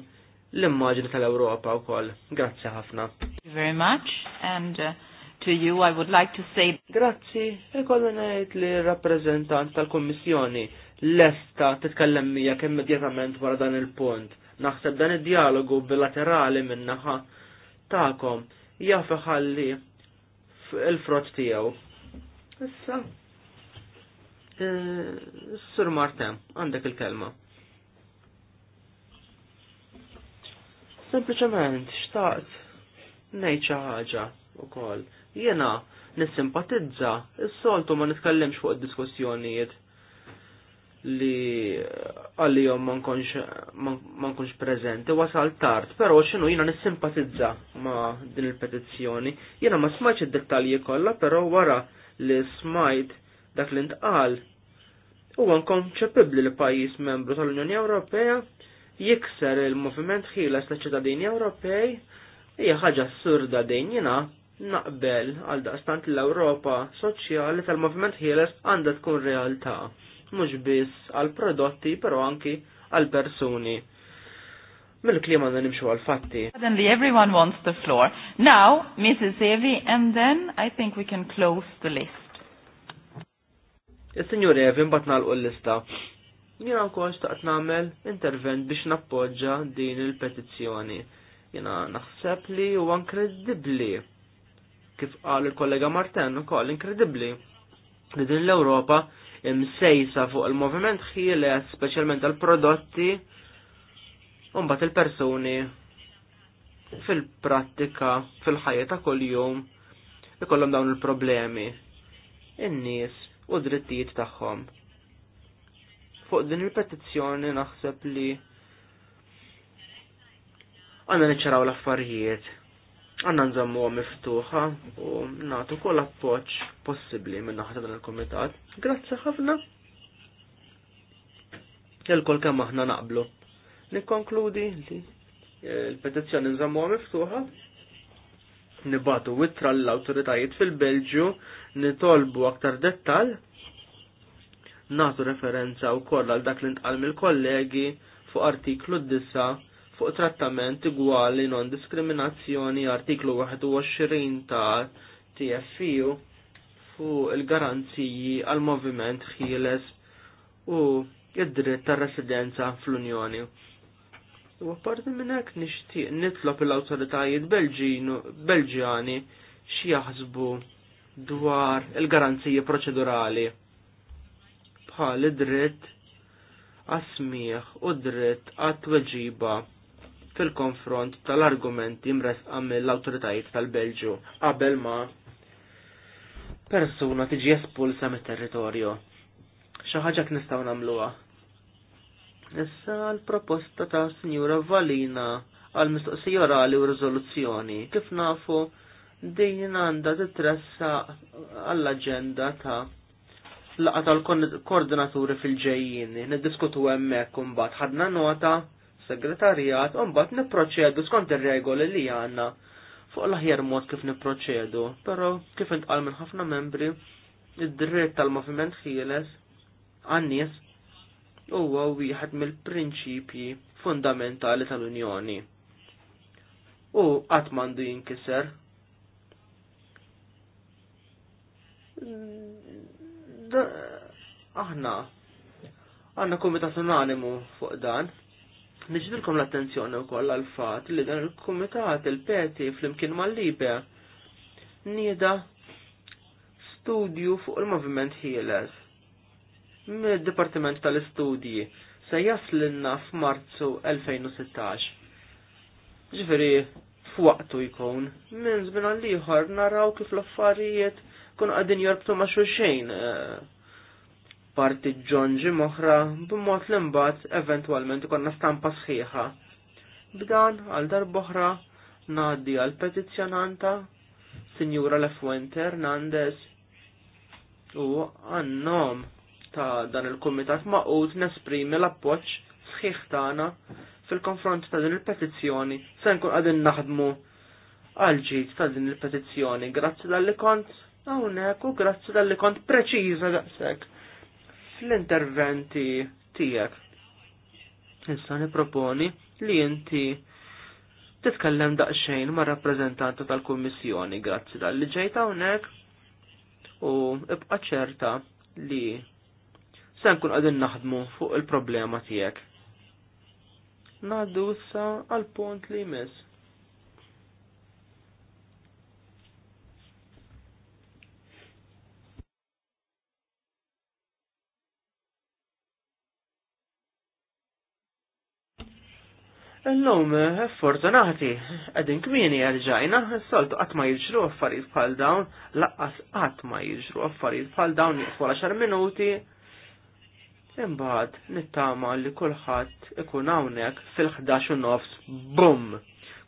l-immaġni tal-Ewropa wkoll. Grazzi ħafna. Very much and uh, to you I would like to say Grazzi, ikollu ngħid li rappreżentant tal-Kummissjoni lesta titkellem mija immedjatament wara dan il-punt. Naħseb dan id-dialogu bilaterali minnaħa ta'kom jaffe ħalli il-frott tiegħu. Issa, eh, Sur Martem, għandek il-kelma. Sempliċement, xtaqt ngħid xi ħaġa wkoll. Jiena nissimpatizza, s soltu ma nitkellimx fuq id-diskussjonijiet li jom man kunx prezenti, wasal tard, pero xinu jena nissimpatizza ma din il-petizzjoni, Jena ma smajċ id-dettalji kolla, pero wara li smajt dak li intqal u għan konċepibli li pajis membru tal-Unjoni Ewropea jikser il-moviment ħieles ta' ċittadini Ewropej hija ħaġa surda din naqbel għal daqstant l-Ewropa soċjali tal-moviment ħieles għandha tkun realtà, mhux biss għal prodotti però anki għal persuni. Mill-klima għandna nimxu għal fatti. Suddenly everyone wants the floor. Now, Mrs. Evi, and then I think we can close the list. Il-Signor Evi, mbatna l-lista. Jina wkoll staqt nagħmel intervent biex nappoġġa din il-petizzjoni. Jina naħseb li huwa inkredibbli. Kif qal il-kollega Marten ukoll inkredibbli li din l-Ewropa imsejsa fuq il-moviment ħieles speċjalment għal prodotti u mbagħad il-persuni fil-prattika, fil-ħajja ta' kuljum ikollhom dawn il-problemi. In-nies u drittijiet tagħhom fuq din il-petizzjoni naħseb li għanna niċċaraw l-affarijiet, għanna nżammu miftuħa u natu kol appoċ possibli minn naħta dan il-komitat. Grazzi ħafna. Kelkol kol kemm aħna naqblu. Nikkonkludi li il-petizzjoni nżammu miftuħa nibatu wittra l-autoritajiet fil-Belġu nitolbu aktar dettal natu referenza u koll għal dak l-intqal mill-kollegi fuq artiklu d fuq trattament igwali non diskriminazzjoni artiklu 21 ta' TFU e fuq il-garanziji għal moviment ħieles u id-dritt ta' residenza fl-Unjoni. U parti minn hekk nixtieq nitlob l-awtoritajiet Belġjani xi jaħsbu dwar il-garanziji proċedurali bħal id-dritt għasmiħ u dritt għat-tweġiba fil-konfront tal-argumenti mresqa mill-autoritajiet tal-Belġu qabel ma persuna tiġi espulsa mit-territorju. Xi ħaġa nistgħu nagħmluha. Issa l-proposta ta' signora Valina għal mistoqsija orali u riżoluzzjoni kif nafu din għandha titressa għall agenda ta' laqa tal-koordinaturi fil-ġejjini, niddiskutu hemmhekk mbagħad ħadna nota segretarjat u mbagħad nipproċedu skont ir-regoli li għandna fuq l-aħjar mod kif nipproċedu, però kif intqal minn ħafna membri id-dritt tal-moviment ħieles għan-nies huwa wieħed mill-prinċipji fundamentali tal-Unjoni. U qatt m'għandu jinkiser aħna għanna komitat unanimu fuq dan. Nġidilkom l-attenzjoni u koll għal-fat li dan il-komitat il-peti fl-imkien mal-libe nida studju fuq il-moviment Healers. Mid-Departiment tal-Istudji se jaslinna f'Marzu 2016. Ġifiri, f'waqtu jkun, minn żmien għal ieħor naraw kif l-affarijiet kun għadin jorbtu ma' xejn eh, parti ġonġi moħra b'mod li imbat eventwalment ikonna stampa sħiħa. B'dan għal darboħra ngħaddi għal petizzjonanta Sinjura Lefuente Hernandez u għannom ta' dan il-Kumitat maqut nesprimi l-appoġġ sħiħ tagħna fil-konfront ta' din il-petizzjoni se nkun qegħdin naħdmu għal ġid ta' din il-petizzjoni. Grazzi dalli kont Hawnhekk u grazzi dalli kont preċiża daqshekk fl-interventi tiegħek. Issa nipproponi li inti titkellem daqsxejn ma' rappreżentanti tal-Kummissjoni grazzi dalli ġejt hawnhekk u ibqa' ċerta li se nkun qegħdin naħdmu fuq il-problema tiegħek. Naddu issa għal punt li jmiss. L-lum, fortunati, għedin kmini għalġajna, s-soltu għatma jġru għaffariet bħal dawn, laqqas għatma jġru għaffariet bħal dawn jgħu xar minuti. Imbagħad nittama li kulħadd ikun hawnhekk fil-11 nofs, bum!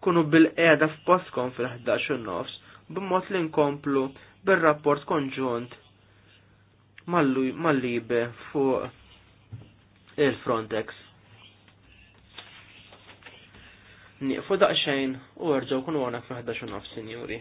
Kunu bil f f'postkom fil-11 nofs, b'mod li nkomplu bir-rapport konġunt mal-libe fuq il-Frontex Nieqfu daqsxejn u rġgħu kun għonek meħdax u nofsinjuri.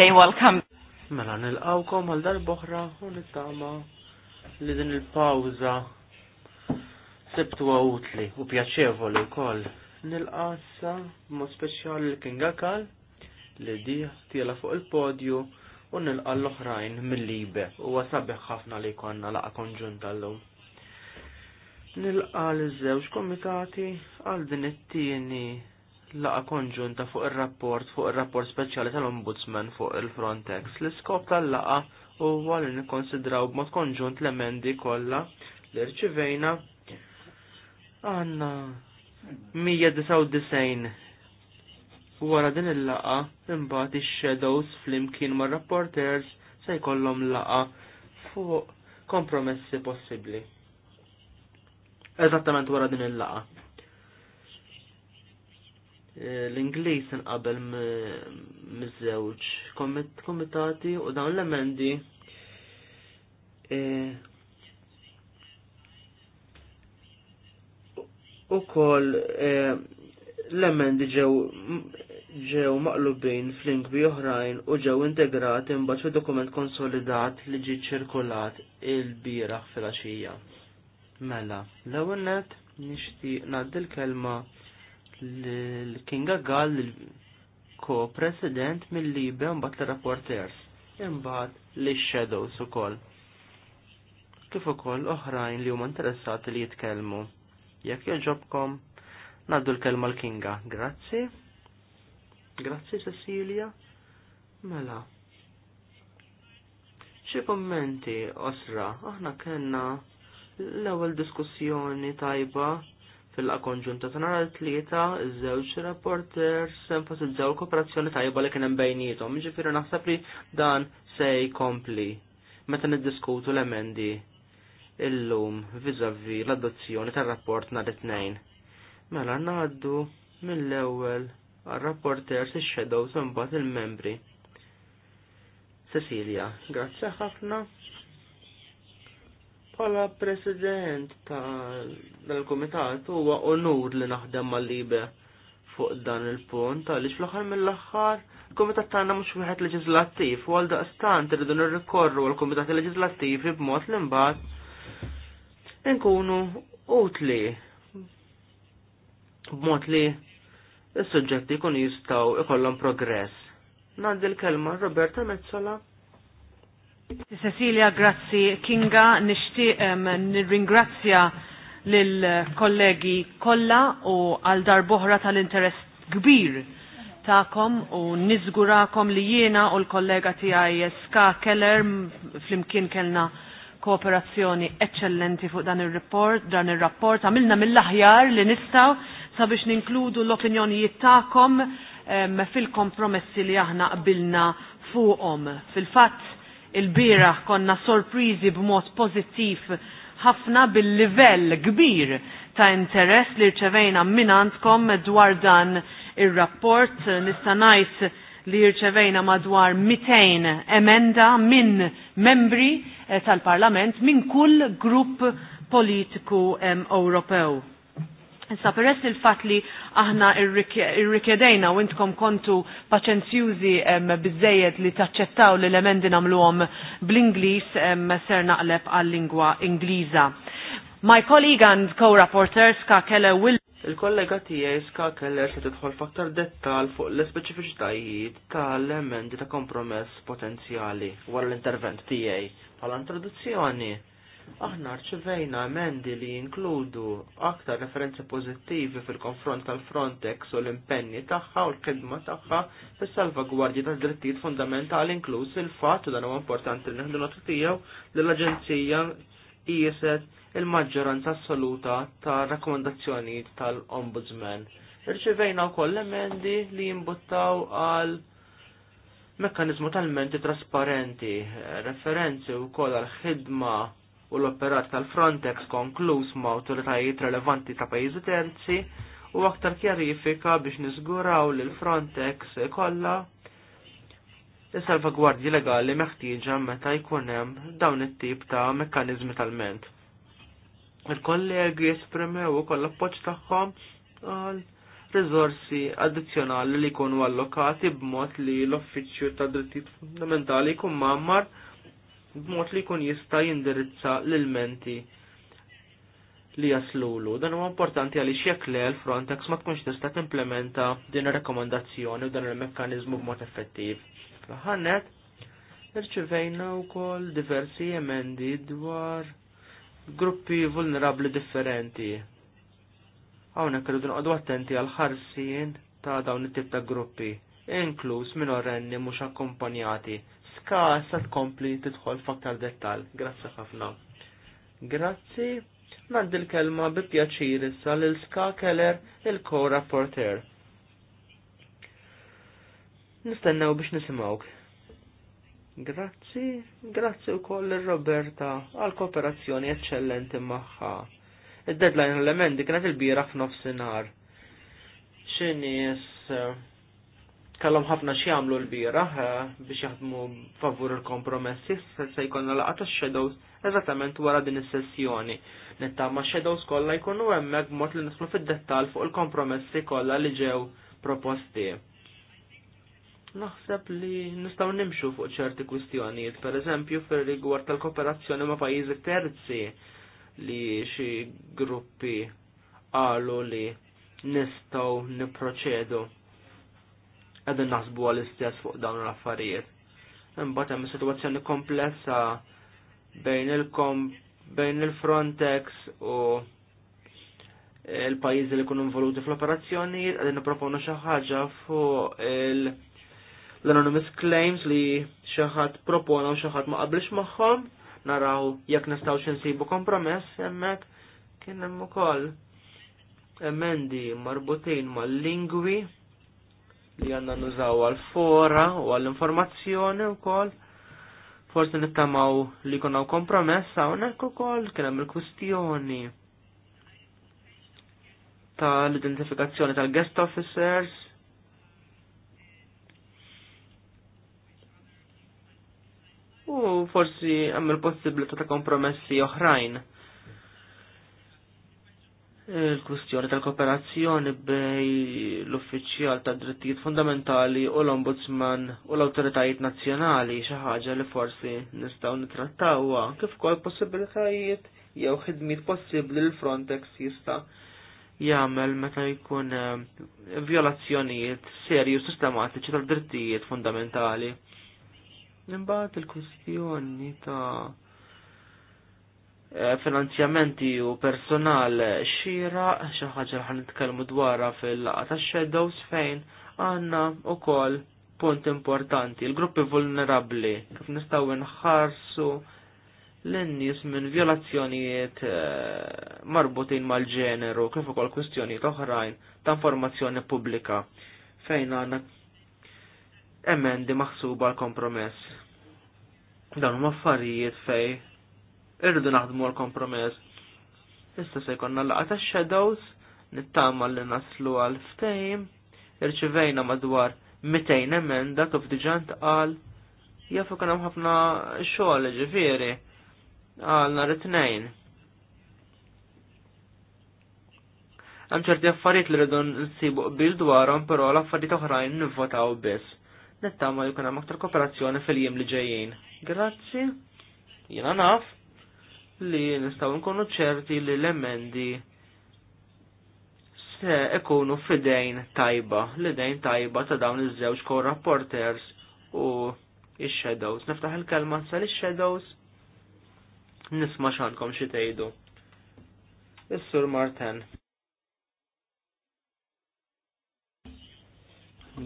Okay, welcome. Mela nilqawkom għal darboħra u nittama li din il-pawza sebtu utli u pjaċevoli wkoll. Nilqassa ma speċjali l-Kinga Kal li di tiela fuq il-podju u nilqa l-oħrajn mill-libe u għasabbeħ ħafna li konna laqa konġunta l Nilqa l-żewġ komitati għal din it-tieni laqa konġunta fuq ir-rapport fuq ir-rapport speċjali tal-Ombudsman fuq il-Frontex. L-iskop tal-laqa huwa li nikkonsidraw b'mod konġunt l-emendi kollha li rċivejna għandna 199 wara din il-laqa imbagħad ix-shadows flimkien mar-rapporters se jkollhom laqa fuq kompromessi possibbli. Eżattament wara din il-laqa l-Ingliż inqabel miż-żewġ komitati u dawn l-emendi eh, u kol eh, l-emendi ġew ġew maqlubin fl-lingwi oħrajn u ġew integrati imbagħad fi dokument konsolidat li ġi ċirkulat il-bieraħ fil-għaxija. Mela, l-ewwel nett nixtieq ngħaddi l-kelma l-Kinga Gall ko president mill-libe mbagħad l-rapporters imbagħad li shadows ukoll. Kif ukoll oħrajn li huma interessati li jitkellmu. Jekk joġobkom naddu l-kelma l-Kinga. Grazzi. Grazzi Cecilia. Mela. Xi kommenti osra, aħna kellna l-ewwel diskussjoni tajba fil-laqa konġunta ta' t tlieta iż-żewġ reporters zewċ kooperazzjoni tajba li kien hemm bejnietom, jiġifieri naħseb li dan se jkompli meta niddiskutu l-emendi illum vizavi l-adozzjoni tar-rapport nhar it-tnejn. Mela ngħaddu mill-ewwel għar-rapporters ix-shadows imbagħad il-membri. Cecilia, grazzi ħafna. Pala president tal-komitat huwa onur li naħdem mal-libe fuq dan il-punt għaliex fl-aħħar mill-aħħar il-komitat tagħna mhux wieħed leġislattiv u għal daqstant irridu nirrikorru għal komitati leġislattivi b'mod li mbagħad nkunu utli b'mod li s-suġġetti jkunu jistgħu ikollhom progress. Nagħdi l-kelma Roberta Mezzola Cecilia, grazzi. Kinga, nishti um, nirringrazzja lill-kollegi kolla u għal darboħra tal-interess kbir ta'kom u nizgurakom li jiena u l-kollega tijaj Ska Keller flimkien kellna kooperazzjoni eccellenti fuq dan il-rapport, dan il-rapport, għamilna mill-aħjar li nistaw sabiex ninkludu l-opinjonijiet ta'kom fil-kompromessi li aħna qbilna fuqhom. Fil-fatt, il-biraħ konna sorprizi b'mod pozittiv ħafna bil-livell kbir ta' interess li rċevejna minnantkom dwar dan il-rapport nista' ngħid li rċevejna madwar 200 emenda minn membri eh, tal-Parlament minn kull grupp politiku Ewropew. Issa peress il-fat li aħna irrikedejna u intkom kontu paċenzjużi bizzejed li taċċettaw li l-emendi namluhom bl-Inglis ser naqleb għal-lingwa Ingliża. My colleague and co rapporter Ska Keller will Il-kollega tiegħi Ska Keller se tidħol f'aktar dettal fuq l-ispeċifiċitajiet tal-emendi ta' kompromess potenzjali għal l-intervent tiegħi Pala introduzzjoni Aħna rċivejna emendi li jinkludu aktar referenzi pożittivi fil-konfront tal-Frontex u l-impenni tagħha u l kidma tagħha fis-salvagwardji tad drittijiet fundamentali inkluż il-fatt u dan huwa importanti li neħdu notu tiegħu li l-Aġenzija qiset il-maġġoranza assoluta ta' rakkomandazzjonijiet tal-Ombudsman. Irċivejna wkoll emendi li jimbuttaw għal mekkanizmu tal-menti trasparenti, referenzi u koll għal-ħidma u l-operat tal-Frontex konkluż ma' autoritajiet relevanti ta' pajjiżi terzi u aktar kjarifika biex niżguraw li l-Frontex kollha is-salvagwardji legali meħtieġa meta jkun hemm dawn it-tip ta' mekkaniżmi tal-ment. Il-kollegi esprimew ukoll l-appoġġ tagħhom għal rizorsi addizzjonali li jkunu allokati b'mod li l-Offiċċju ta' Drittijiet Fundamentali jkun mammar ma b'mod li jkun jista' jindirizza l-ilmenti li jaslulu. Dan huwa importanti għaliex jekk le l-Frontex ma tkunx tista' timplementa din ir-rekomandazzjoni u dan il-mekkaniżmu b'mod effettiv. Ħanet, irċivejna wkoll diversi emendi dwar gruppi vulnerabli differenti. Hawnhekk irridu noqogħdu attenti għal ħarsien ta' dawn it-tip ta' gruppi, inkluż minorenni mhux akkompanjati Francesca sa tkompli tidħol f'aktar dettal. Grazzi ħafna. Grazzi. Naddi l-kelma bi pjaċir issa lil Ska Keller il-co-rapporter. Nistennew biex nisimawk. Grazzi, grazzi wkoll koll roberta għal kooperazzjoni eccellenti magħha. Id-deadline l-emendi kienet il-bira f'nofsinhar. X'inhies kellhom ħafna għamlu l-bira eh, biex jaħdmu favur il-kompromessi se jkollna laqata x shadows eżattament wara din is-sessjoni. Nittama shadows kollha jkunu hemmhekk mod li nislu fid-dettall fuq il-kompromessi kollha li ġew proposti. Naħseb li nistgħu nimxu fuq ċerti kwistjonijiet, pereżempju fir-rigward tal-kooperazzjoni ma' pajjiżi terzi li xi gruppi qalu li nistgħu nipproċedu qegħdin naħsbu għall-istess fuq dawn l-affarijiet. Mbata hemm sitwazzjoni komplessa bejn il-kom bejn il-Frontex u il-pajjiżi li jkunu involuti fl-operazzjonijiet għadin nipproponu xi ħaġa fuq il- l-anonymous claims li xaħat propona u xaħat ma qablix maħħom, naraw jekk nistaw xinsibu kompromess, emmek kien hemm ukoll emendi marbutin mal-lingwi li għanna nużaw għal-fora u għall-informazzjoni u kol. Forse nittamaw li konaw kompromessa u nekku kol kienem il-kustjoni tal-identifikazzjoni tal-guest officers. U forsi għamil il-possibilità ta' kompromessi oħrajn il-kwistjoni tal-kooperazzjoni bej l-uffiċjal tad drittijiet fundamentali u l-ombudsman u l-autoritajiet nazzjonali xi ħaġa li forsi nistgħu nittrattawha kif ukoll possibilitajiet jew ħidmiet possibbli l Frontex jista' jagħmel meta jkun eh, violazzjonijiet serju sistematiċi tal-drittijiet fundamentali. Imbagħad il-kwistjoni ta' Eh, finanzjamenti u personal xira xi ħaġa ħan nitkellmu dwarra fil-laqa tax-shadows fejn għandna kol punt importanti, il-gruppi vulnerabbli kif nistgħu nħarsu l-nies minn violazzjonijiet eh, marbutin mal-ġeneru kif ukoll kwistjonijiet oħrajn ta' informazzjoni pubblika fejn għandna emendi maħsuba l-kompromess. Dan huma affarijiet fej irridu naħdmu għal-kompromess. Issa se jkollna laqa ta' shadows, nittama li naslu għal-ftejm, irċivejna madwar 200 emenda kif diġà ntqal, jafu kien hemm ħafna xogħol ġifieri għal nhar it-tnejn. Hemm ċerti affarijiet li rridu nsibu qbil dwarhom, però l-affarijiet oħrajn nivvotaw biss. Nittama li jkun hemm aktar kooperazzjoni fil-jiem li ġejjin. Grazzi, jiena naf li nistaw nkunu ċerti li l-emendi se ikunu fidejn tajba, li dejn tajba ta' dawn iż-żewġ korrapporters u ix-shadows. Niftaħ il-kelma sal ix-shadows nisma xankom xi tgħidu. Is-Sur Marten.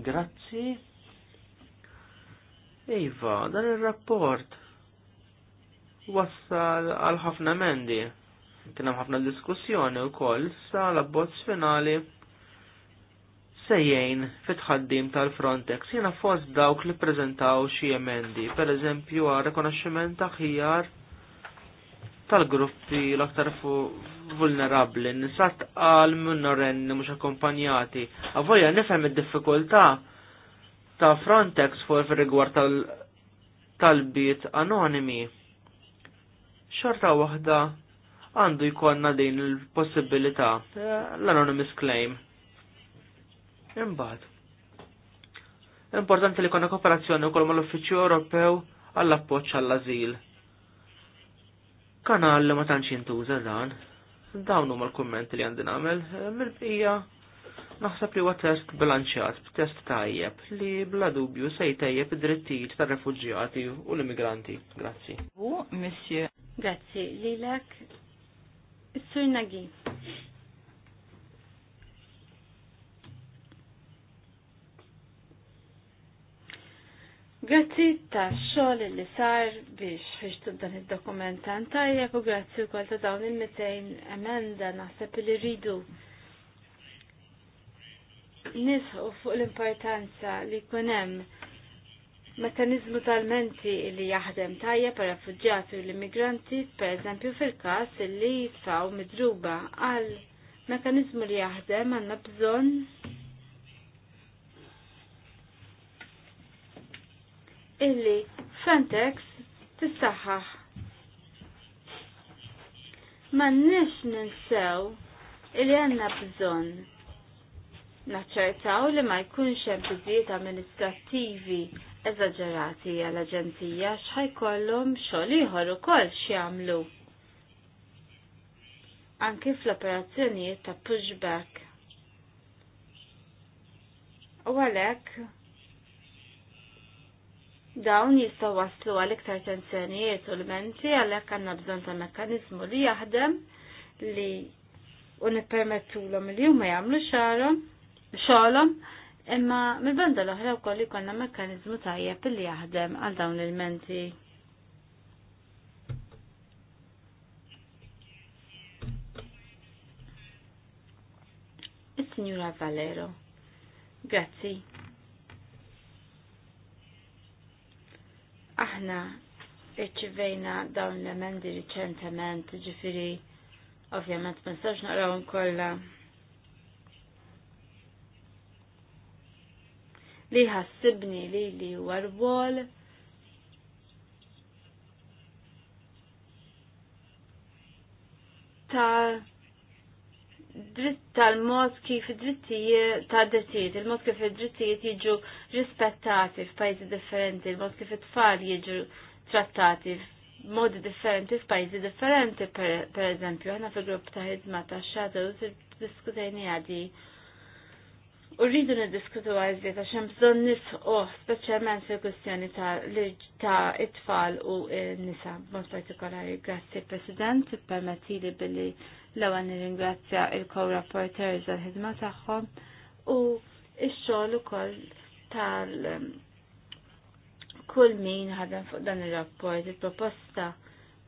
Grazzi. Iva, dan ir-rapport wassal għal ħafna mendi. Kien hemm ħafna diskussjoni wkoll sa l-abbozz finali sejjejn fit-ħaddim tal-Frontex jiena fost dawk li ppreżentaw xi emendi, pereżempju għal rekonoxximent aħjar tal-gruppi l-aktar vulnerabli, nisat għal minnorenni mux akkompanjati. Għavoja nifhem id-diffikultà ta' Frontex fuq rigward tal-talbiet anonimi xorta waħda għandu jkonna din il-possibilità l-anonymous claim. Imbagħad. Importanti li konna kooperazzjoni wkoll mal-Uffiċċju Ewropew għall-appoġġ għall azil Kanal li ma tantx jintuża dan. Dawn huma l-kummenti li għandi nagħmel eh, mill-bqija Naħseb li huwa test bilanċjat b'test tajjeb li bla dubju se jtejjeb id-drittijiet tar-refuġjati u l-immigranti. Grazzi. U, monsieur. Grazzi lilek. Is-sur Nagi. Grazzi ta' xogħol li sar biex ħiġtu dan id-dokument tajjeb u grazzi wkoll ta' dawn il-200 emenda naħseb li rridu nisħu fuq l-importanza li kunem mekanizmu tal-menti li jaħdem tajja per refugjati u l-immigranti, per eżempju fil-kas li jitfaw midruba għal mekanizmu li jaħdem għanna bżon illi Frontex tistaħħaħ. Ma nix ninsew illi għanna bżon naċċertaw li ma jkunx hemm biżiet amministrattivi eżaġerati għall aġenzija x'ħajkollhom xogħol ieħor ukoll x'jagħmlu. Anki fl-operazzjonijiet ta' pushback. U għalhekk dawn jistgħu waslu għal iktar tensjonijiet u l-menti għalhekk għandna bżonn ta' mekkaniżmu li jaħdem li u nippermettulhom li huma jagħmlu xarhom Xolom, imma mill-banda l-oħra wkoll ikollna mekkaniżmu tajjeb li jaħdem għal dawn il-menti. Signora Valero. Grazzi. Aħna irċivejna dawn l-emendi riċentement, ġifiri, ovvjament ma nistax naqrawhom kollha li ħassibni li li huwa rwol ta' dritt tal-mod kif id-drittijiet ta' drittijiet, il-mod kif id-drittijiet jiġu rispettati f'pajjiżi differenti, il-mod kif it-tfal jiġu trattati f'modi differenti f'pajjiżi differenti, per eżempju, aħna fil-grupp ta' ħidma ta' Shadows diskutajni għadi U rridu niddiskutu għazli ta' xem bżon nisqo, specialment fil kustjoni ta' it-tfal u nisa, mod partikolari. Grazzi, President, permetti li billi l-għan ringrazzja il-co-rapporters għal-ħidma tagħhom u ix-xogħol ukoll tal- kull min ħadem fuq dan ir-rapport il-proposta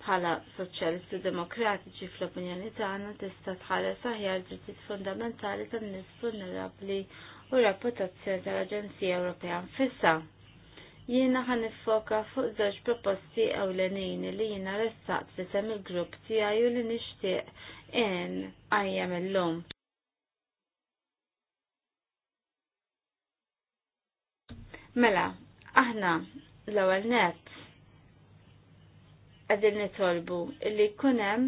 bħala soċjalisti demokratiċi fl-opinjoni tagħna tista' tħares aħjar drittijiet fundamentali tan-nies vulnerabbli u reputazzjoni tal-Aġenzija Ewropea nfissa. Jiena ħan nifoka fuq żewġ proposti ewlenin li jiena ressaqt li sem il-grupp tiegħi u li nixtieq in għajjem illum. Mela, aħna l-ewwel nett għadil nitolbu illi kunem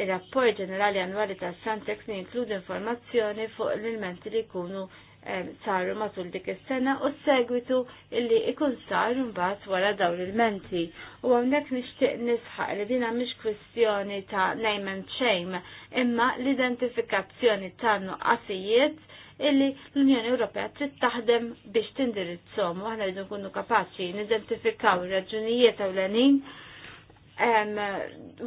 il-rapport ġenerali annwali ta' Santex li jinkludu informazzjoni fuq l-elementi li jkunu saru matul dik is-sena u s-segwitu illi ikun saru mbagħad wara dawn l menti U hawnhekk nixtieq nisħaq li dina mhix kwistjoni ta' name and shame, imma l-identifikazzjoni ta' nuqqasijiet illi l-Unjoni Ewropea trid taħdem biex tindirizzhom u aħna rridu nkunu kapaċi nidentifikaw ir-raġunijiet ewlenin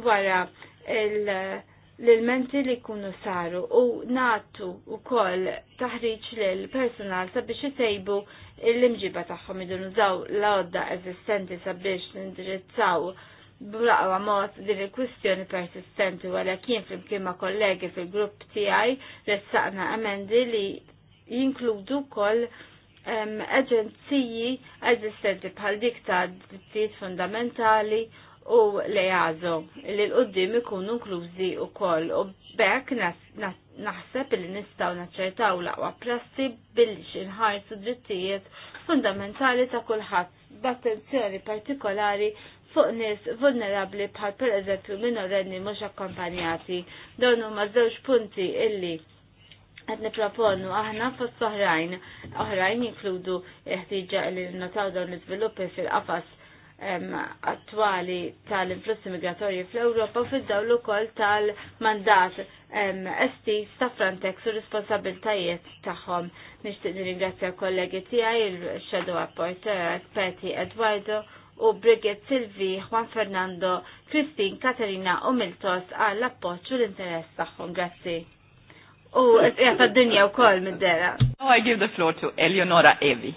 wara l-elementi li kunu saru u natu u kol taħriċ l-personal sabiex jisejbu l-imġiba taħħom idunu zaw l-odda eżistenti sabiex nindirizzaw b'laqwa mod din il-kwistjoni persistenti wara kien flimkien ma' kollegi fil-grupp tiegħi ressaqna emendi li jinkludu kol um, aġenziji eżistenti bħal dik ta' drittijiet fundamentali u li għazo li l-qoddim ikunu inklużi u koll u bekk naħseb li nistaw naċċertaw laqwa prassi billi inħarsu drittijiet fundamentali ta' kulħadd b'attenzjoni partikolari fuq nis vulnerabli bħal per eżempju minorenni mhux akkompanjati. Dawn huma żewġ punti illi qed niproponu aħna fost oħrajn, oħrajn jinkludu ħtiġa li nnotaw dawn l-iżviluppi fil-qafas attwali tal-influssi migratorji fl-Ewropa fid-dawlu kol tal-mandat estis ta' Frontex u responsabiltajiet tagħhom. Nixtieq nirringrazzja kollegi tiegħi il-Shadow Apporter Peti Eduardo u Brigitte Silvi, Juan Fernando, Christine, Katerina u Miltos għall appoġġ u l-interess tagħhom. Grazzi. U jgħata d-dinja u koll mid-dera. Now I give the floor to Eleonora Evi.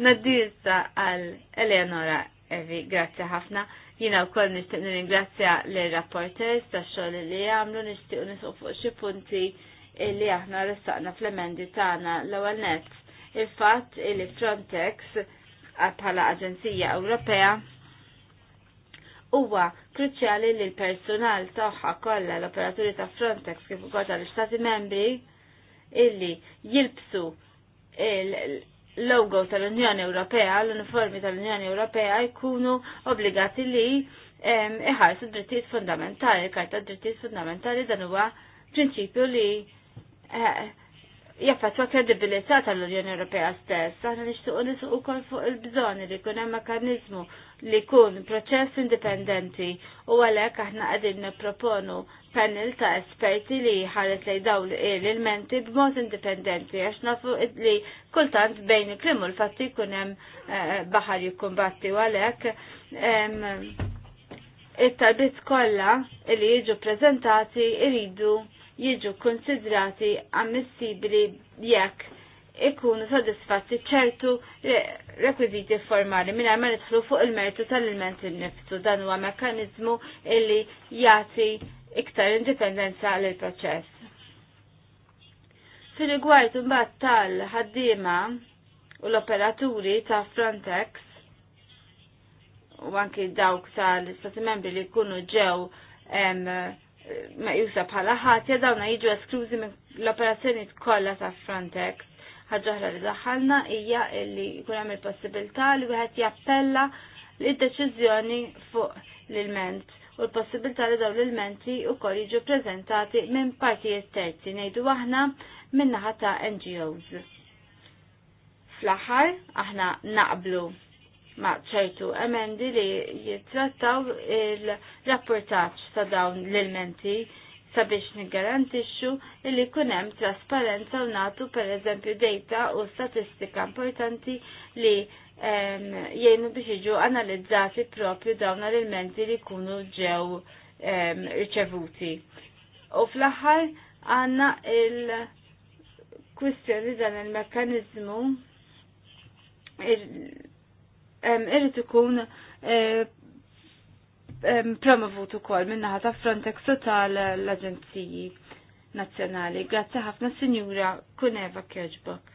Nadirsa għal Eleonora Evi, grazie ħafna. Jina u koll nishtiq nir l-rapporters ta' xoll li għamlu nishtiq nisqu fuq xi punti li aħna ressaqna fl-emendi tagħna l-ewwel net. Il-fatt li Frontex bħala Aġenzija Ewropea huwa kruċjali li l-personal tagħha kollha l-operaturi ta' Frontex kif ukoll tal-Istati Membri illi jilbsu logo tal-Unjoni Ewropea, l-uniformi tal-Unjoni Ewropea jkunu obbligati li iħarsu drittijiet fundamentali, karta drittijiet fundamentali dan huwa prinċipju li eh, jaffatwa kredibilità tal-Unjoni Ewropea stess, aħna nixtuqu nisuqu kol fuq il-bżon li jkun hemm mekanizmu li kun proċess indipendenti u għalek aħna għadin niproponu panel ta' esperti li ħarret li daw l-elementi b'mod indipendenti għax nafu li kultant bejn krimu l-fatti kunem eh, baħar batti u għalek it-talbit kolla li jiġu prezentati iridu jiġu konsidrati ammissibli jekk ikunu sodisfatti ċertu rekwiziti formali minn ma nidħlu fuq il-mertu tal-ilment innifsu dan huwa mekkanizmu illi jagħti iktar indipendenza għal proċess Fil-rigward imbagħad tal-ħaddiema u l-operaturi ta' Frontex u anki dawk tal istati membri li jkunu ġew ma jusa bħala ħatja dawna jiġu esklużi minn l-operazzjoni kollha ta' Frontex ħagġaħra li daħħalna hija li jkun hemm il-possibilità li wieħed jappella d deċiżjoni fuq l-ilment u l possibilta li dawn l-ilmenti wkoll jiġu ppreżentati minn partijiet terzi ngħidu għahna min-naħa ta' NGOs. Fl-aħħar aħna naqblu ma' ċertu emendi li jittrattaw il-rapportaċ ta' dawn l-ilmenti sabiex niggarantixxu li jkun hemm trasparenza u nagħtu pereżempju data u statistika importanti li jgħinu biex jiġu analizzati propju dawn l-elementi li kunu ġew riċevuti. U fl-aħħar għandna il-kwistjoni dan il-mekkanizmu irrid ikun eh, promovut ukoll minnaħa ta' Frontex u tal-Aġenziji Nazzjonali. Grazzi ħafna Kun Kuneva Kjoġbok.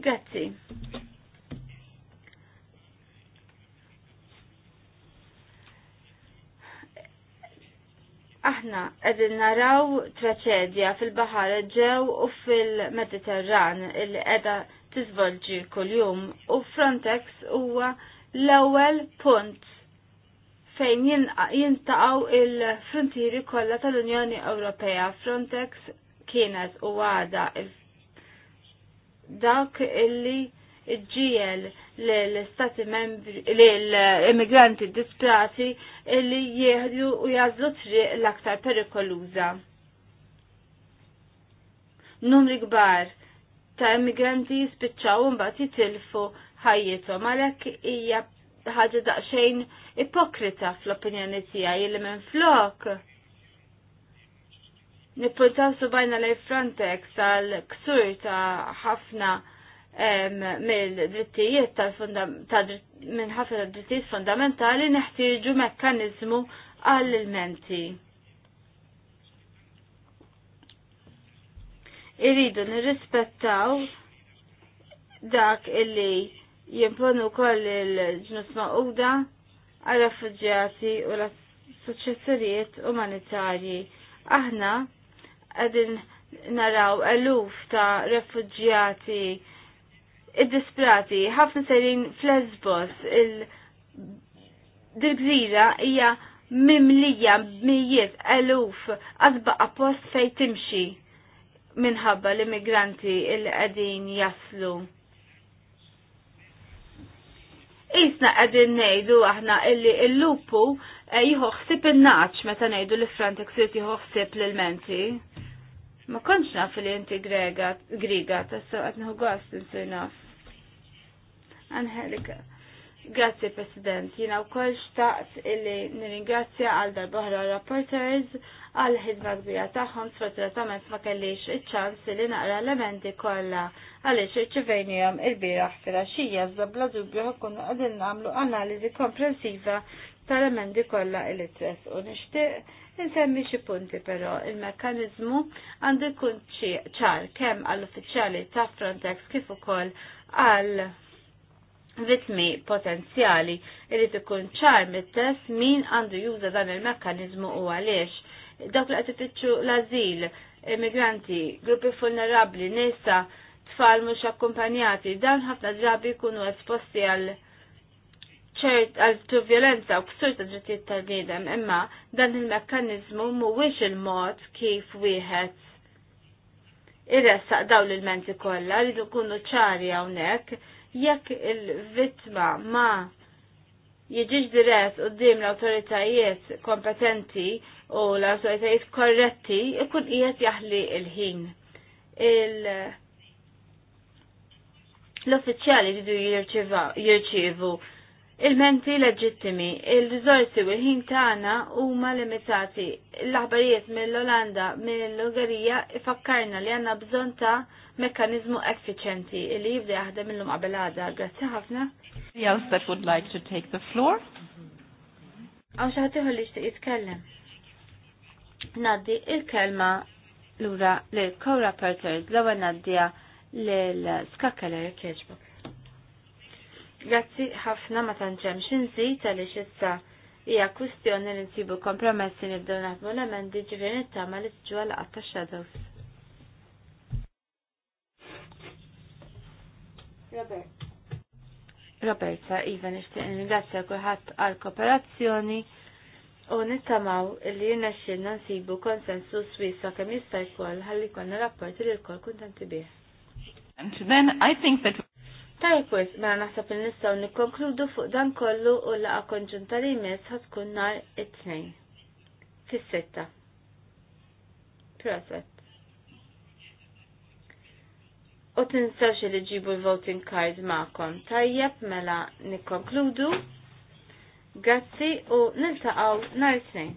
Grazzi. Aħna qegħdin naraw traċedja fil-Baħar Ġew u fil-Mediterran illi qiegħda tiżvolġi kuljum u Frontex huwa l-ewwel punt fejn jintaqgħu il-frontieri kollha tal-Unjoni Ewropea. Frontex kienet u għada dak illi ġiel il l-stati membri, l-immigranti disprati li jieħdu u jazlu triq l-aktar perikoluza. Numri gbar ta' immigranti jispiċċaw mbagħad jitilfu ħajjithom għalhekk hija ħaġa daqsxejn ipokrita fl-opinjoni tija li minn flok nippuntaw subajna lej Frontex għal ksur ta' ħafna mill-drittijiet minn ħafna drittijiet fundamentali neħtieġu mekkanizmu għall-menti. Iridu nirrispettaw dak illi jimponu koll il-ġnus maquda għal refugjati u l-suċessurijiet umanitarji. Aħna għedin naraw eluf ta' refugjati id-disprati, ħafna serin fl-Lesbos, il-gżira hija mimlija mijiet eluf għazba post fej timxi minħabba l-immigranti il qedin jaslu. Isna qegħdin ngħidu aħna illi l-lupu eh, jħoħsib in-naċ meta ngħidu li Frontex irid jħoħsib l-menti. Ma kontx naf li inti grega, griga, tassew qed nħu gost insir naf. Angelika. Grazzi President, jina u koll xtaqt illi nir-ingrazzja għal darbohra rapporters għal ħidma kbira taħħom sfortunatament ma kellix iċ-ċans illi naqra elementi kollha għaliex irċivejnihom il-bieraħ filgħaxija żabla dubju ħakun għadin nagħmlu analiżi komprensiva tal-elementi kollha illi tres u nixtieq nsemmi xi punti però il-mekkaniżmu għandu jkun ċar kemm għall-uffiċjali ta' Frontex kif ukoll għal vitmi potenzjali irrid ikun ċar mit-test min għandu juża dan il-mekkaniżmu u għaliex. Dak li qed ifittxu l-azil, immigranti, gruppi vulnerabbli, nisa, tfal mhux akkumpanjati, dan ħafna drabi jkunu esposti għal ċert għal violenza u ksur ta' drittijiet tal-bniedem, imma dan il mekkaniżmu mhuwiex il-mod kif wieħed irressaq daw l-menti kollha li nkunu ċari hawnhekk jekk il-vittma ma jieġiġ dirett qoddim l-autoritajiet kompetenti u l-autoritajiet korretti ikun qiegħed jaħli il-ħin. l-uffiċjali jridu jirċivu il-menti leġittimi, il-rizorsi u l-ħin tagħna huma limitati. L-aħbarijiet mill-Olanda, mill-Ungerija ifakkarna li għandna bżonn ta' mekkanizmu effiċenti li jibda jaħdem illum qabel għada. Grazzi ħafna. Else that would like to take the floor? Għaw xaħtiħu li xtiq jitkellem. Naddi il-kelma l-ura l-co-rapporters l-għu naddija l-skakkeler kieġbok. Grazzi ħafna ma tantxem xinżid għaliex issa hija kwistjoni li nsibu kompromessi nibdew naħdmu l-emendi ġifieri nittama li tġu għal qatta shadows. Robert. Roberta, Iva, nishtiq ringrazzja kulħadd għal kooperazzjoni u nittamaw li jirna xinna nsibu konsensus wisa kemm jista' jkoll ħalli konna rapporti li l-kol kuntanti bih. And then I think that Tajkwis, mela naħseb il nistgħu nikkonkludu fuq dan kollu u laqa konġunta li jmiss ħatkun nhar it-tnejn. Fis-sitta. Proset. U tinsawx li ġibu l-voting card ma'kom. Tajjeb mela nikkonkludu. Grazzi u niltaqgħu nhar it-tnejn.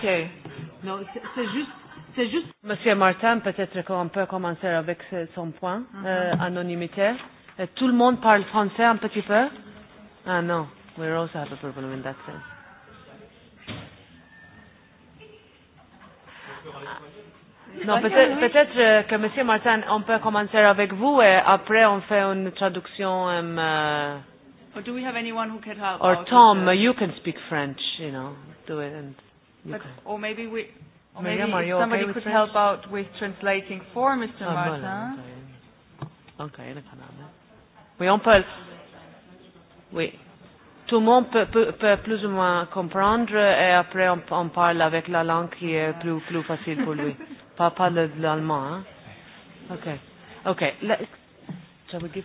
Okay. No, c'est juste. C'est juste. Monsieur Martin, peut-être qu'on peut commencer avec son point, mm -hmm. euh, anonymité. Et euh, tout le monde parle français un petit peu Ah non, we also have a problem in that sense. Ah. Non, peut-être peut, euh, que Monsieur Martin, on peut commencer avec vous et après on fait une traduction. Um, uh, Or do we have anyone who can help? Or Tom, you can speak French, you know, do it and. But, or maybe we, or maybe Miriam, somebody okay could French? help out with translating for Mr. Oh, ah, Martin. Okay, le canale. ¿eh? Oui, on peut. Oui. Tout le monde peut, peut, peut plus ou moins comprendre et après on, on parle avec la langue qui est plus, plus facile pour lui. pas, pas l'allemand. Hein? Ok. Ok. Let's, shall we give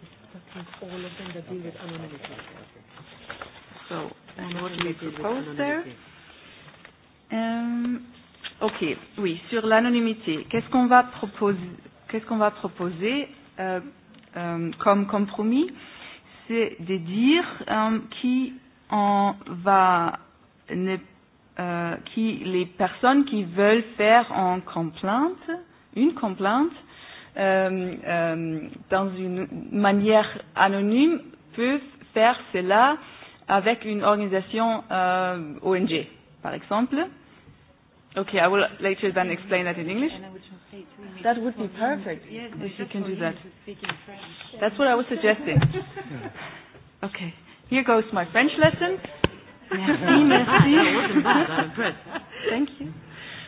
since all of them that deal with anonymity. So, and what do we propose there? Um, ok, oui, sur l'anonymité, qu'est-ce qu'on va proposer, qu'est-ce qu'on va proposer euh, euh, comme compromis C'est de dire euh, qui on va ne, euh, qui les personnes qui veulent faire en complainte, une complainte, euh, euh, dans une manière anonyme peuvent faire cela avec une organisation euh, ONG, par exemple. Okay, I will later then explain that in English. That would be perfect yes, if you can do that. That's what I was suggesting. okay, here goes my French lesson. Merci, merci. Thank you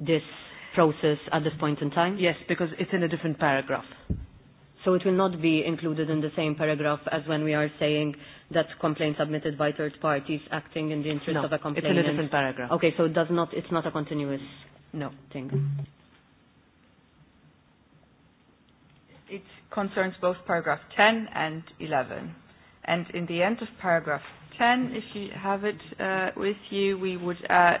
this process at this point in time? Yes, because it's in a different paragraph. So it will not be included in the same paragraph as when we are saying that complaints submitted by third parties acting in the interest no, of a complainant. it's in a different paragraph. Okay, so it does not, it's not a continuous no. thing. It concerns both paragraph 10 and 11. And in the end of paragraph 10, if you have it uh, with you, we would add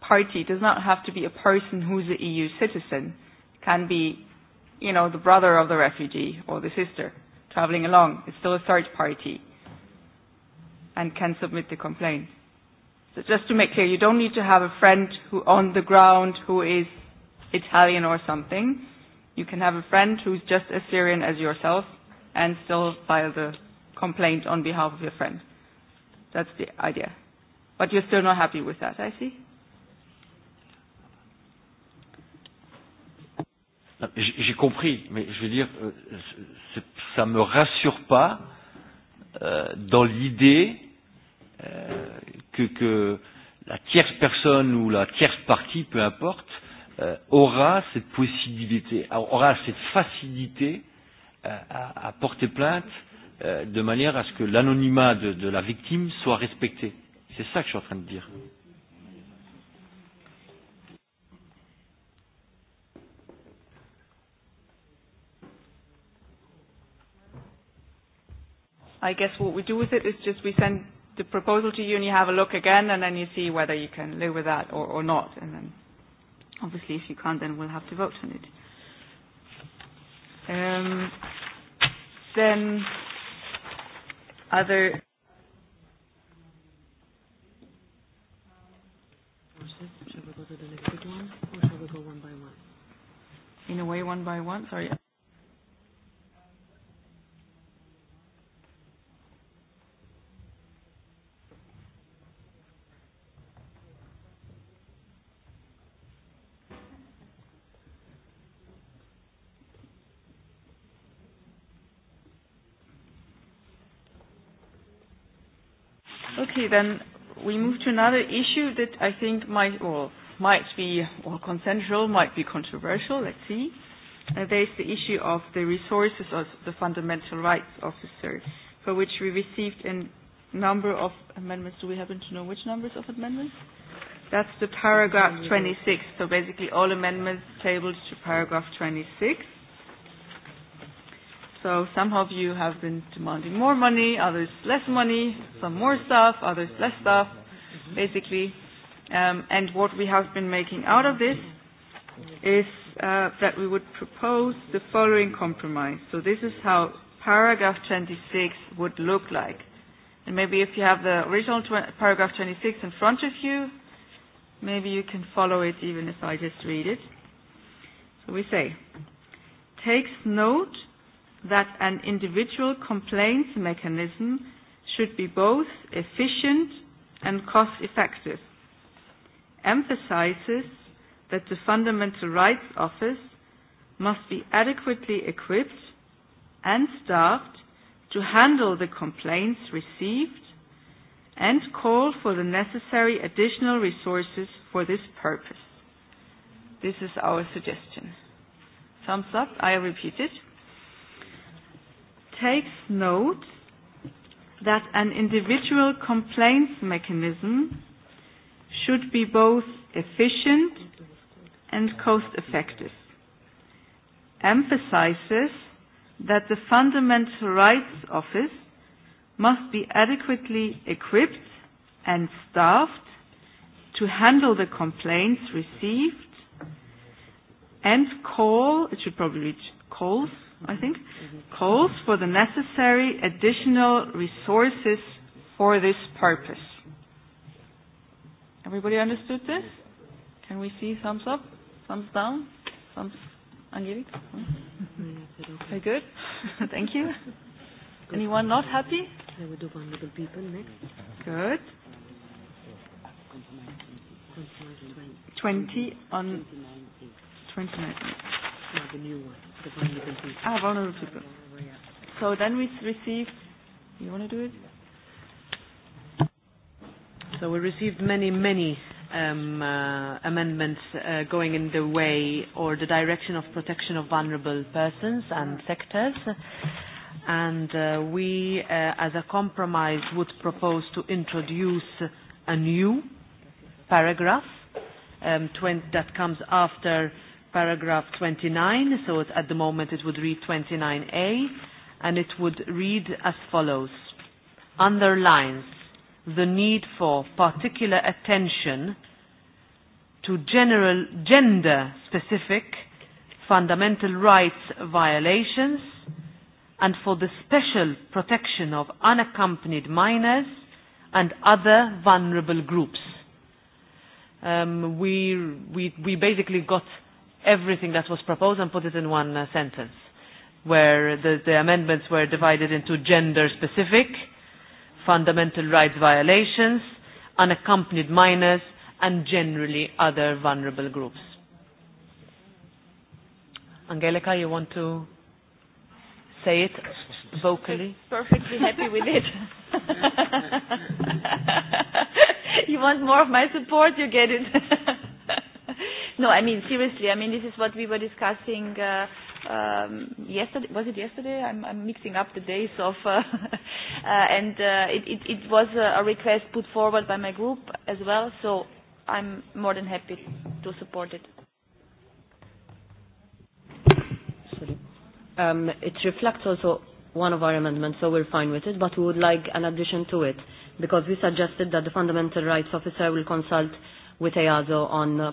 party does not have to be a person who's an EU citizen. It can be, you know, the brother of the refugee or the sister traveling along. It's still a third party and can submit the complaint. So just to make clear, you don't need to have a friend who on the ground who is Italian or something. You can have a friend who's just as Syrian as yourself and still file the complaint on behalf of your friend. That's the idea. But you're still not happy with that, I see. J'ai compris, mais je veux dire, euh, ça ne me rassure pas euh, dans l'idée euh, que, que la tierce personne ou la tierce partie, peu importe, euh, aura cette possibilité, aura cette facilité euh, à, à porter plainte euh, de manière à ce que l'anonymat de, de la victime soit respecté. C'est ça que je suis en train de dire. I guess what we do with it is just we send the proposal to you and you have a look again and then you see whether you can live with that or, or not. And then obviously if you can't then we'll have to vote on it. Um, then other Shall we go to the next one or shall we go one by one? In a way, one by one? Sorry. Okay, then we move to another issue that I think might, well, might be well, consensual, might be controversial, let's see. Uh, there's the issue of the resources of the fundamental rights officer, for which we received a number of amendments. Do we happen to know which numbers of amendments? That's the paragraph 26, so basically all amendments tabled to paragraph 26. So some of you have been demanding more money, others less money, some more stuff, others less stuff, basically. Um, and what we have been making out of this is uh, that we would propose the following compromise. So this is how paragraph 26 would look like. And maybe if you have the original tw paragraph 26 in front of you, maybe you can follow it even if I just read it. So we say, takes note that an individual complaints mechanism should be both efficient and cost effective, emphasizes that the Fundamental Rights Office must be adequately equipped and staffed to handle the complaints received and call for the necessary additional resources for this purpose. This is our suggestion. Thumbs up, I repeat it takes note that an individual complaints mechanism should be both efficient and cost effective, emphasizes that the Fundamental Rights Office must be adequately equipped and staffed to handle the complaints received and call, it should probably reach calls, I think, calls for the necessary additional resources for this purpose. Everybody understood this? Can we see thumbs up, thumbs down, thumbs, Angelique? Very hmm? good. Thank you. Anyone not happy? There were the vulnerable people next. Good. 20 on 29. No, the new one the vulnerable people. Ah, vulnerable people. So then we received, you want to do it? So we received many, many um, uh, amendments uh, going in the way or the direction of protection of vulnerable persons and sectors. And uh, we, uh, as a compromise, would propose to introduce a new paragraph um, 20, that comes after paragraph 29, so at the moment it would read 29A, and it would read as follows. Underlines the need for particular attention to general gender-specific fundamental rights violations and for the special protection of unaccompanied minors and other vulnerable groups. Um, we, we, we basically got everything that was proposed and put it in one uh, sentence, where the, the amendments were divided into gender-specific, fundamental rights violations, unaccompanied minors, and generally other vulnerable groups. Angelica, you want to say it vocally? Perfectly happy with it. you want more of my support, you get it. No, I mean, seriously, I mean, this is what we were discussing uh, um, yesterday. Was it yesterday? I'm, I'm mixing up the days of. Uh, uh, and uh, it, it, it was a request put forward by my group as well, so I'm more than happy to support it. Sorry. Um, it reflects also one of our amendments, so we're fine with it, but we would like an addition to it because we suggested that the fundamental rights officer will consult with EASO on uh,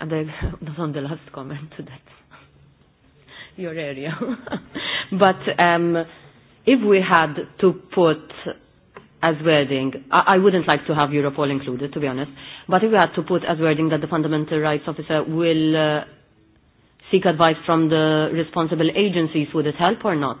And I, that's on the last comment to that. Your area. but um, if we had to put as wording, I, I wouldn't like to have Europol included, to be honest, but if we had to put as wording that the fundamental rights officer will uh, seek advice from the responsible agencies, would it help or not?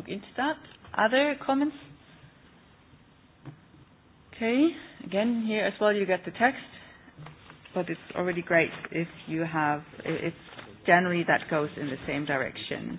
look into that. Other comments? Okay, again, here as well you get the text, but it's already great if you have, it's generally that goes in the same direction.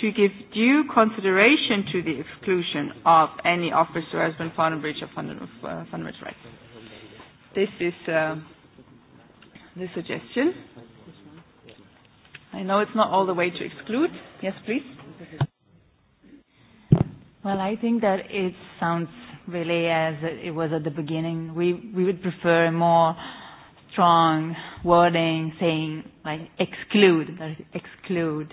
to give due consideration to the exclusion of any officer who has been found in breach of uh, fundamental rights. This is uh, the suggestion. I know it's not all the way to exclude. Yes, please. Well, I think that it sounds really as it was at the beginning. We, we would prefer more strong wording saying like exclude, like exclude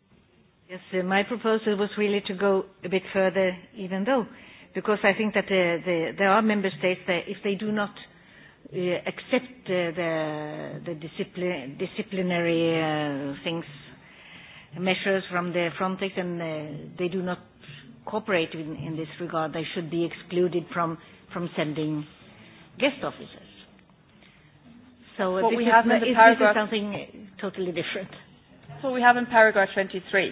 Yes, uh, my proposal was really to go a bit further even though, because I think that uh, the, there are member states that if they do not uh, accept uh, the, the discipli disciplinary uh, things, measures from the Frontex and uh, they do not cooperate in, in this regard, they should be excluded from, from sending guest officers. So what we have is, in the paragraph, this is something totally different. So we have in paragraph 23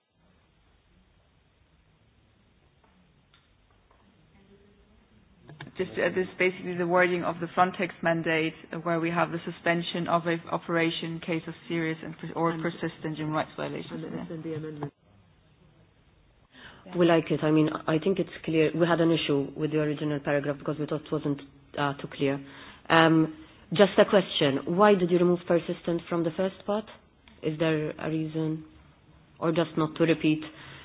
just uh, this is basically the wording of the Frontex mandate uh, where we have the suspension of an operation in case of serious and pers or and persistent human rights violations. And the amendment. We like it. I mean, I think it's clear. We had an issue with the original paragraph because we thought it wasn't uh, too clear. Um, just a question. Why did you remove persistent from the first part? Is there a reason? Or just not to repeat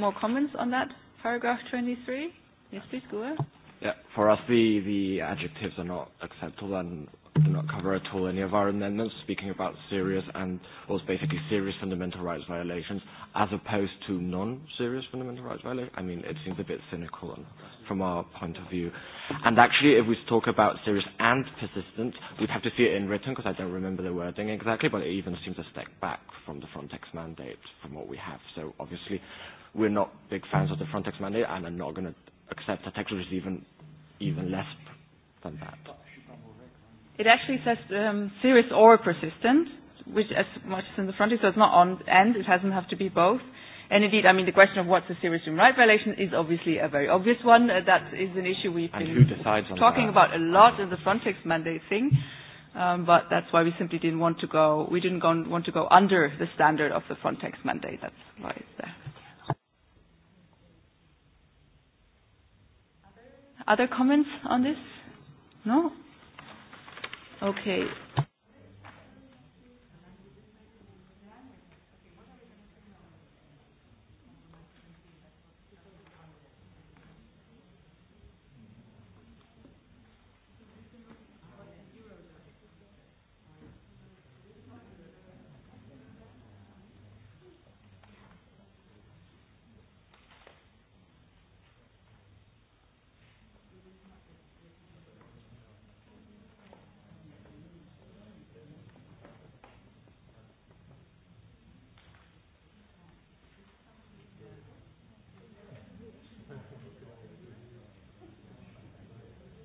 more comments on that paragraph 23? Yes, please go ahead. Yeah, for us the, the adjectives are not acceptable and do not cover at all any of our amendments speaking about serious and, well, basically serious fundamental rights violations as opposed to non-serious fundamental rights violations. I mean, it seems a bit cynical and, from our point of view. And actually, if we talk about serious and persistent, we'd have to see it in written because I don't remember the wording exactly, but it even seems a step back from the Frontex mandate from what we have. So obviously, we're not big fans of the Frontex mandate and are not going to accept a tax which is even, even less than that. It actually says um, serious or persistent, which as much as in the Frontex, so it's not on end. it doesn't have to be both. And indeed, I mean, the question of what's a serious human rights violation is obviously a very obvious one. Uh, that is an issue we've and been talking that? about a lot in the Frontex mandate thing. Um, but that's why we simply didn't want to go, we didn't go, want to go under the standard of the Frontex mandate. That's why it's there. Other comments on this? No? Okay.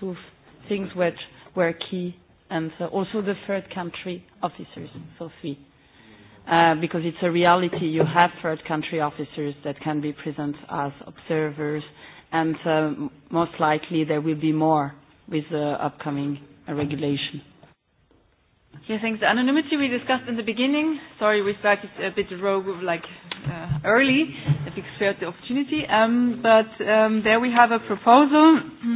two things which were key, and so uh, also the third country officers, so three. Uh, because it's a reality, you have third country officers that can be present as observers, and uh, most likely there will be more with the upcoming uh, regulation. Yeah, thanks. The anonymity we discussed in the beginning. Sorry, we started a bit rogue, like uh, early, if you the opportunity. Um, but um, there we have a proposal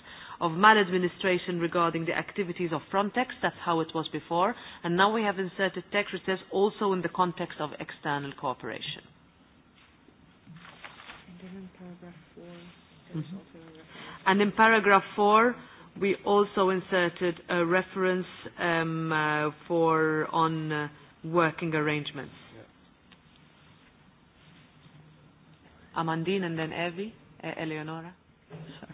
of maladministration regarding the activities of Frontex. That's how it was before. And now we have inserted text which says also in the context of external cooperation. And then in paragraph four, mm-hmm. And in paragraph four, we also inserted a reference um, uh, for on uh, working arrangements. Yeah. Amandine and then Evie, uh, Eleonora. Sorry.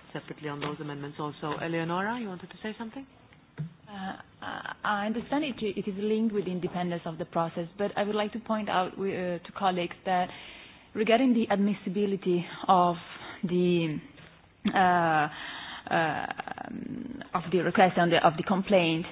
separately on those amendments also. Eleonora, you wanted to say something? Uh, uh, I understand it, it is linked with the independence of the process, but I would like to point out uh, to colleagues that regarding the admissibility of the uh, uh, of the request and the, of the complaint, uh,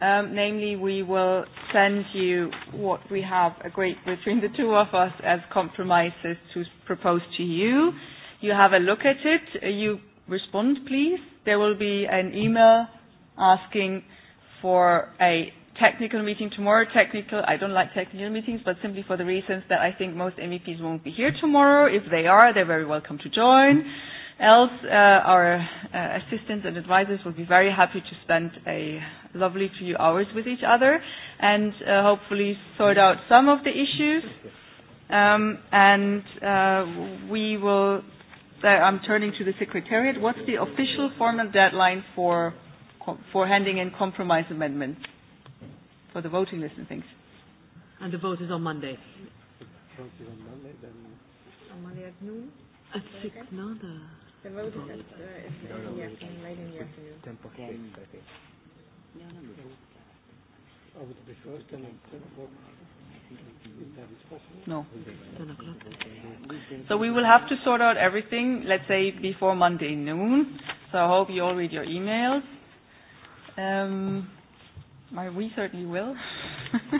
Um, namely, we will send you what we have agreed between the two of us as compromises to propose to you. You have a look at it. Uh, you respond, please. There will be an email asking for a technical meeting tomorrow. Technical, I don't like technical meetings, but simply for the reasons that I think most MEPs won't be here tomorrow. If they are, they're very welcome to join. Else, uh, our uh, assistants and advisors will be very happy to spend a lovely few hours with each other and uh, hopefully sort out some of the issues. Um, and uh, we will, uh, I'm turning to the Secretariat. What's the official formal deadline for, for handing in compromise amendments for the voting list and things? And the vote is on Monday. vote is on Monday, then. On Monday at noon? At six, no, the. The vote is at, uh, late in the afternoon o'clock. No, So we will have to sort out everything, let's say, before Monday noon. So I hope you all read your emails. Um, my, we certainly will.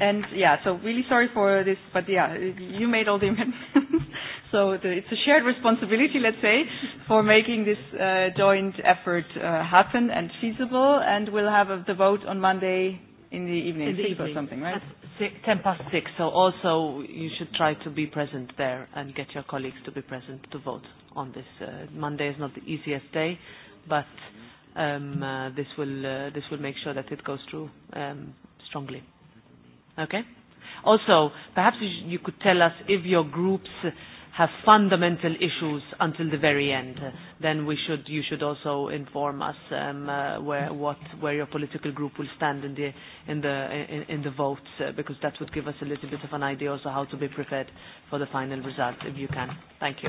and yeah, so really sorry for this, but yeah, you made all the amendments. So the, it's a shared responsibility, let's say, for making this uh, joint effort uh, happen and feasible. And we'll have a, the vote on Monday in the evening, in the six evening. or something, right? six, ten past six. So also you should try to be present there and get your colleagues to be present to vote on this. Uh, Monday is not the easiest day, but um, uh, this will uh, this will make sure that it goes through um, strongly. Okay. Also, perhaps you, you could tell us if your groups have fundamental issues until the very end, then we should, you should also inform us um, uh, where, what, where your political group will stand in the, in the, in, in the votes, uh, because that would give us a little bit of an idea also how to be prepared for the final result, if you can. Thank you.